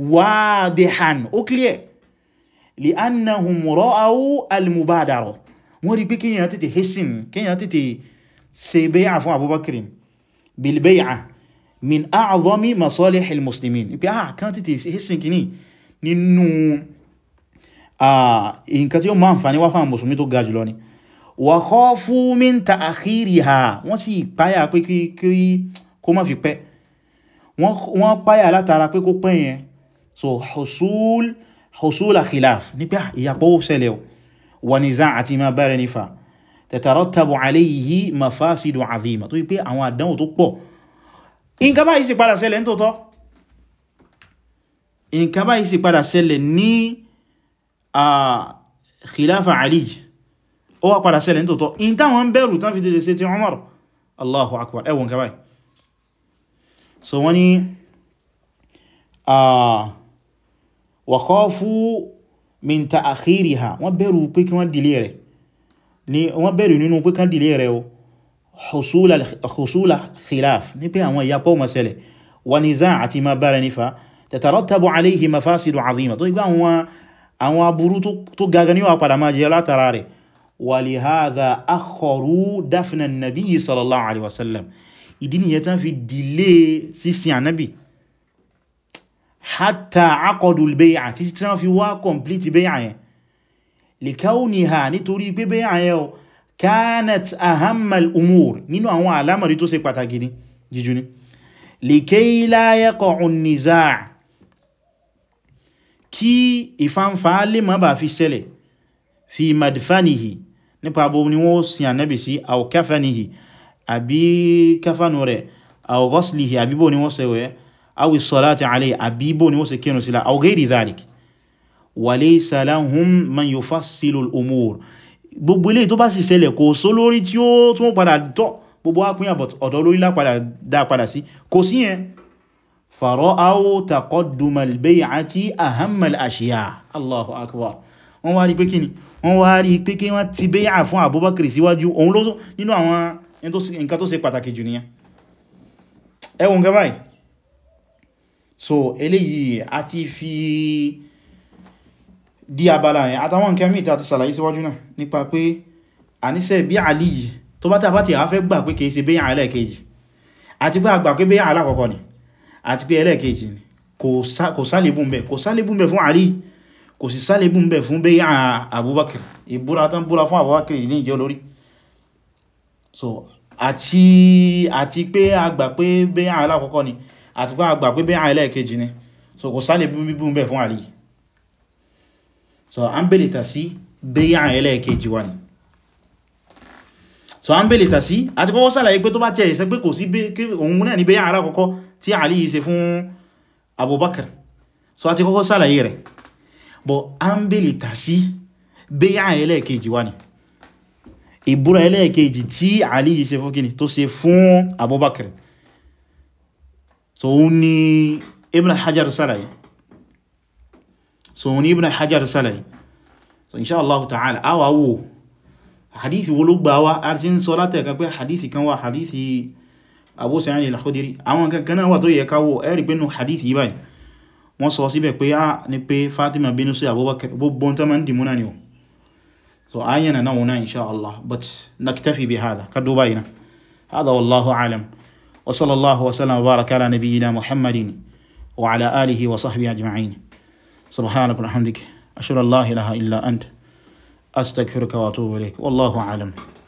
wadihan ó clear li'annahum ra'aw al-mubadara wọ́n rí pé kíyàn tètè hissing kíyàn tètè ṣe bai'a fún abubakir bil bai'a min a'zami masalih al-muslimin pé ah kan tètè hissing kìíní nínú nǹkan tí ó máa ń fani wá fáwọn musulmi tó ga jùlọ ni wa khafu min ta'khiriha wọ́n sì páyà pé kí kó má fi pẹ́ wọ́n páyà látara pé kó pẹ́ so husul husula khilaf ní pé ìyàpọ̀ ṣẹlẹ̀ wà ní zá àti ma bẹ̀rẹ̀ nífà tatarattabu alayhi mafasidu azima tó pé àwọn àdánwò tó pọ̀ nǹkan báyìí sì padà ṣẹlẹ̀ ní tòótọ́ nǹkan báyìí sì padà ṣẹlẹ̀ ní a khilafa ali ó wá padà ṣẹlẹ̀ ní tòótọ́ in táwọn bẹ̀rù tán fi dédé sí ti umar allahu akbar ẹwọ nǹkan báyìí so wọ́n a uh, wa khafu min ta'khiriha wọ́n bẹ̀rù pé kí wọ́n dìlé rẹ̀ ni wọ́n bẹ̀rù nínú pé kán dìlé rẹ̀ o husula khilaf ní pé àwọn ìyapọ̀ ma ṣẹlẹ̀ wa niza' àti ma bára nífà tatarattabu alayhi mafasidu azima tó igbá àwọn aburú tó gaga níwà padà máa jẹ látara rẹ̀ walihadha akharu dafna an-nabi hatta aqadu al-bay'a títí tí wọ́n fi wá complete bay'a yẹn likawniha nítorí pé bay'a yẹn o kanat ahammal umur nínú àwọn alamari tó ṣe pàtàkì ní jíjú ní likay la yaqa'u an-niza' kí ìfàǹfà lè má bá fi ṣẹlẹ̀ fi madfanihi nípa abu ni wọ́n sin ànábì sí aw kafanihi àbí kafanu rẹ̀ aw ghaslihi àbíbò ni wọ́n sẹ̀wẹ̀ awi salati alayhi àbíbò ni wọ́n ṣe kírùn sílá aw ghairi dhalik wa laysa lahum man yufassilu al-umur gbogbo ilé tó bá sì ṣẹlẹ̀ kò só lórí tí ó tún padà tọ́ gbogbo ápín ọ̀dọ̀ lórí dá padà sí kò sí yẹn fara'aw taqadduma al-bay'ati ahamma al-ashya Allahu akbar wọ́n wá rí pé kíni wọ́n wá rí pé kí wọ́n ti bay'a fún Abubakar síwájú òun ló nínú àwọn nǹkan tó ṣe pàtàkì jù nìyẹn ẹwùn gẹ́bàáyìí so eléyìí ati fi di abala yẹn àtàwọn nǹkan mìí tàbí sàlàyé síwájú nipa nípa pé àníṣẹ́ bí àlì yìí tó bá ba ti àáfẹ́ gbà pé kìí ṣe bẹ́yàn ẹlẹ́ẹ̀kejì àti pé àgbà pé bẹ́yàn alákọ̀ọ́kọ́ ni ati pé ẹlẹ́ẹ̀kejì ni kò sálébùn bẹ̀ kò sálébùn bẹ̀ fún àlì kò sì sálébùn bẹ̀ fún bẹ́yàn Abubakar ìbúra tán búra fún Abubakar ní ìjẹ́ olórí so àti àti pé àgbà pé bẹ́yàn alákọ̀ọ́kọ́ ni àti pé àgbà pé bẹ́yà ẹlẹ́ẹ̀kejì ni so kò sálẹ̀ bíbùn bẹ̀ fún àlì so a ń bèèrè tà ẹlẹ́ẹ̀kejì wà ní so a ń bèèrè tà sí àti kọ́kọ́ sálẹ̀ pé tó bá tiẹ̀ ṣe pé kò sí òun náà ní bẹ́yà alákọ̀ọ́kọ́ tí àlì yìí ṣe fún Abubakar so a ti kọ́kọ́ sálẹ̀ rẹ̀ but a ń bèèrè tà sí bẹ́yà ẹlẹ́ẹ̀kejì wà ní ìbúra ẹlẹ́ẹ̀kejì tí àlì yìí fún kíni tó ṣe fún Abubakar so òun ni ibn al-hajar sálàyé so òun ni ibn al-hajar sálàyé so Allah ta'ala a wà wò hadithi wo ló gbà wá a ti ń sọ látẹ̀ẹ́ka pé hadithi kan wà hadithi Abu Sa'id al-Khudri àwọn kankan náà wà tó yẹ káwọ́ ẹ̀rì pínu hadithi báyìí wọ́n sọ síbẹ̀ pé a ní pé Fatima bínú sí Abubakar gbogbo tó ma ń dìmú náà ni o so ayyana náà wọ́n náà inṣáàlá but naktafi bi hada ka duba ina hada wallahu alam وصلى الله وسلم وبارك على نبينا محمد وعلى آله وصحبه أجمعين سبحانك وبحمدك أشهد أن لا إله إلا أنت أستغفرك وأتوب إليك والله أعلم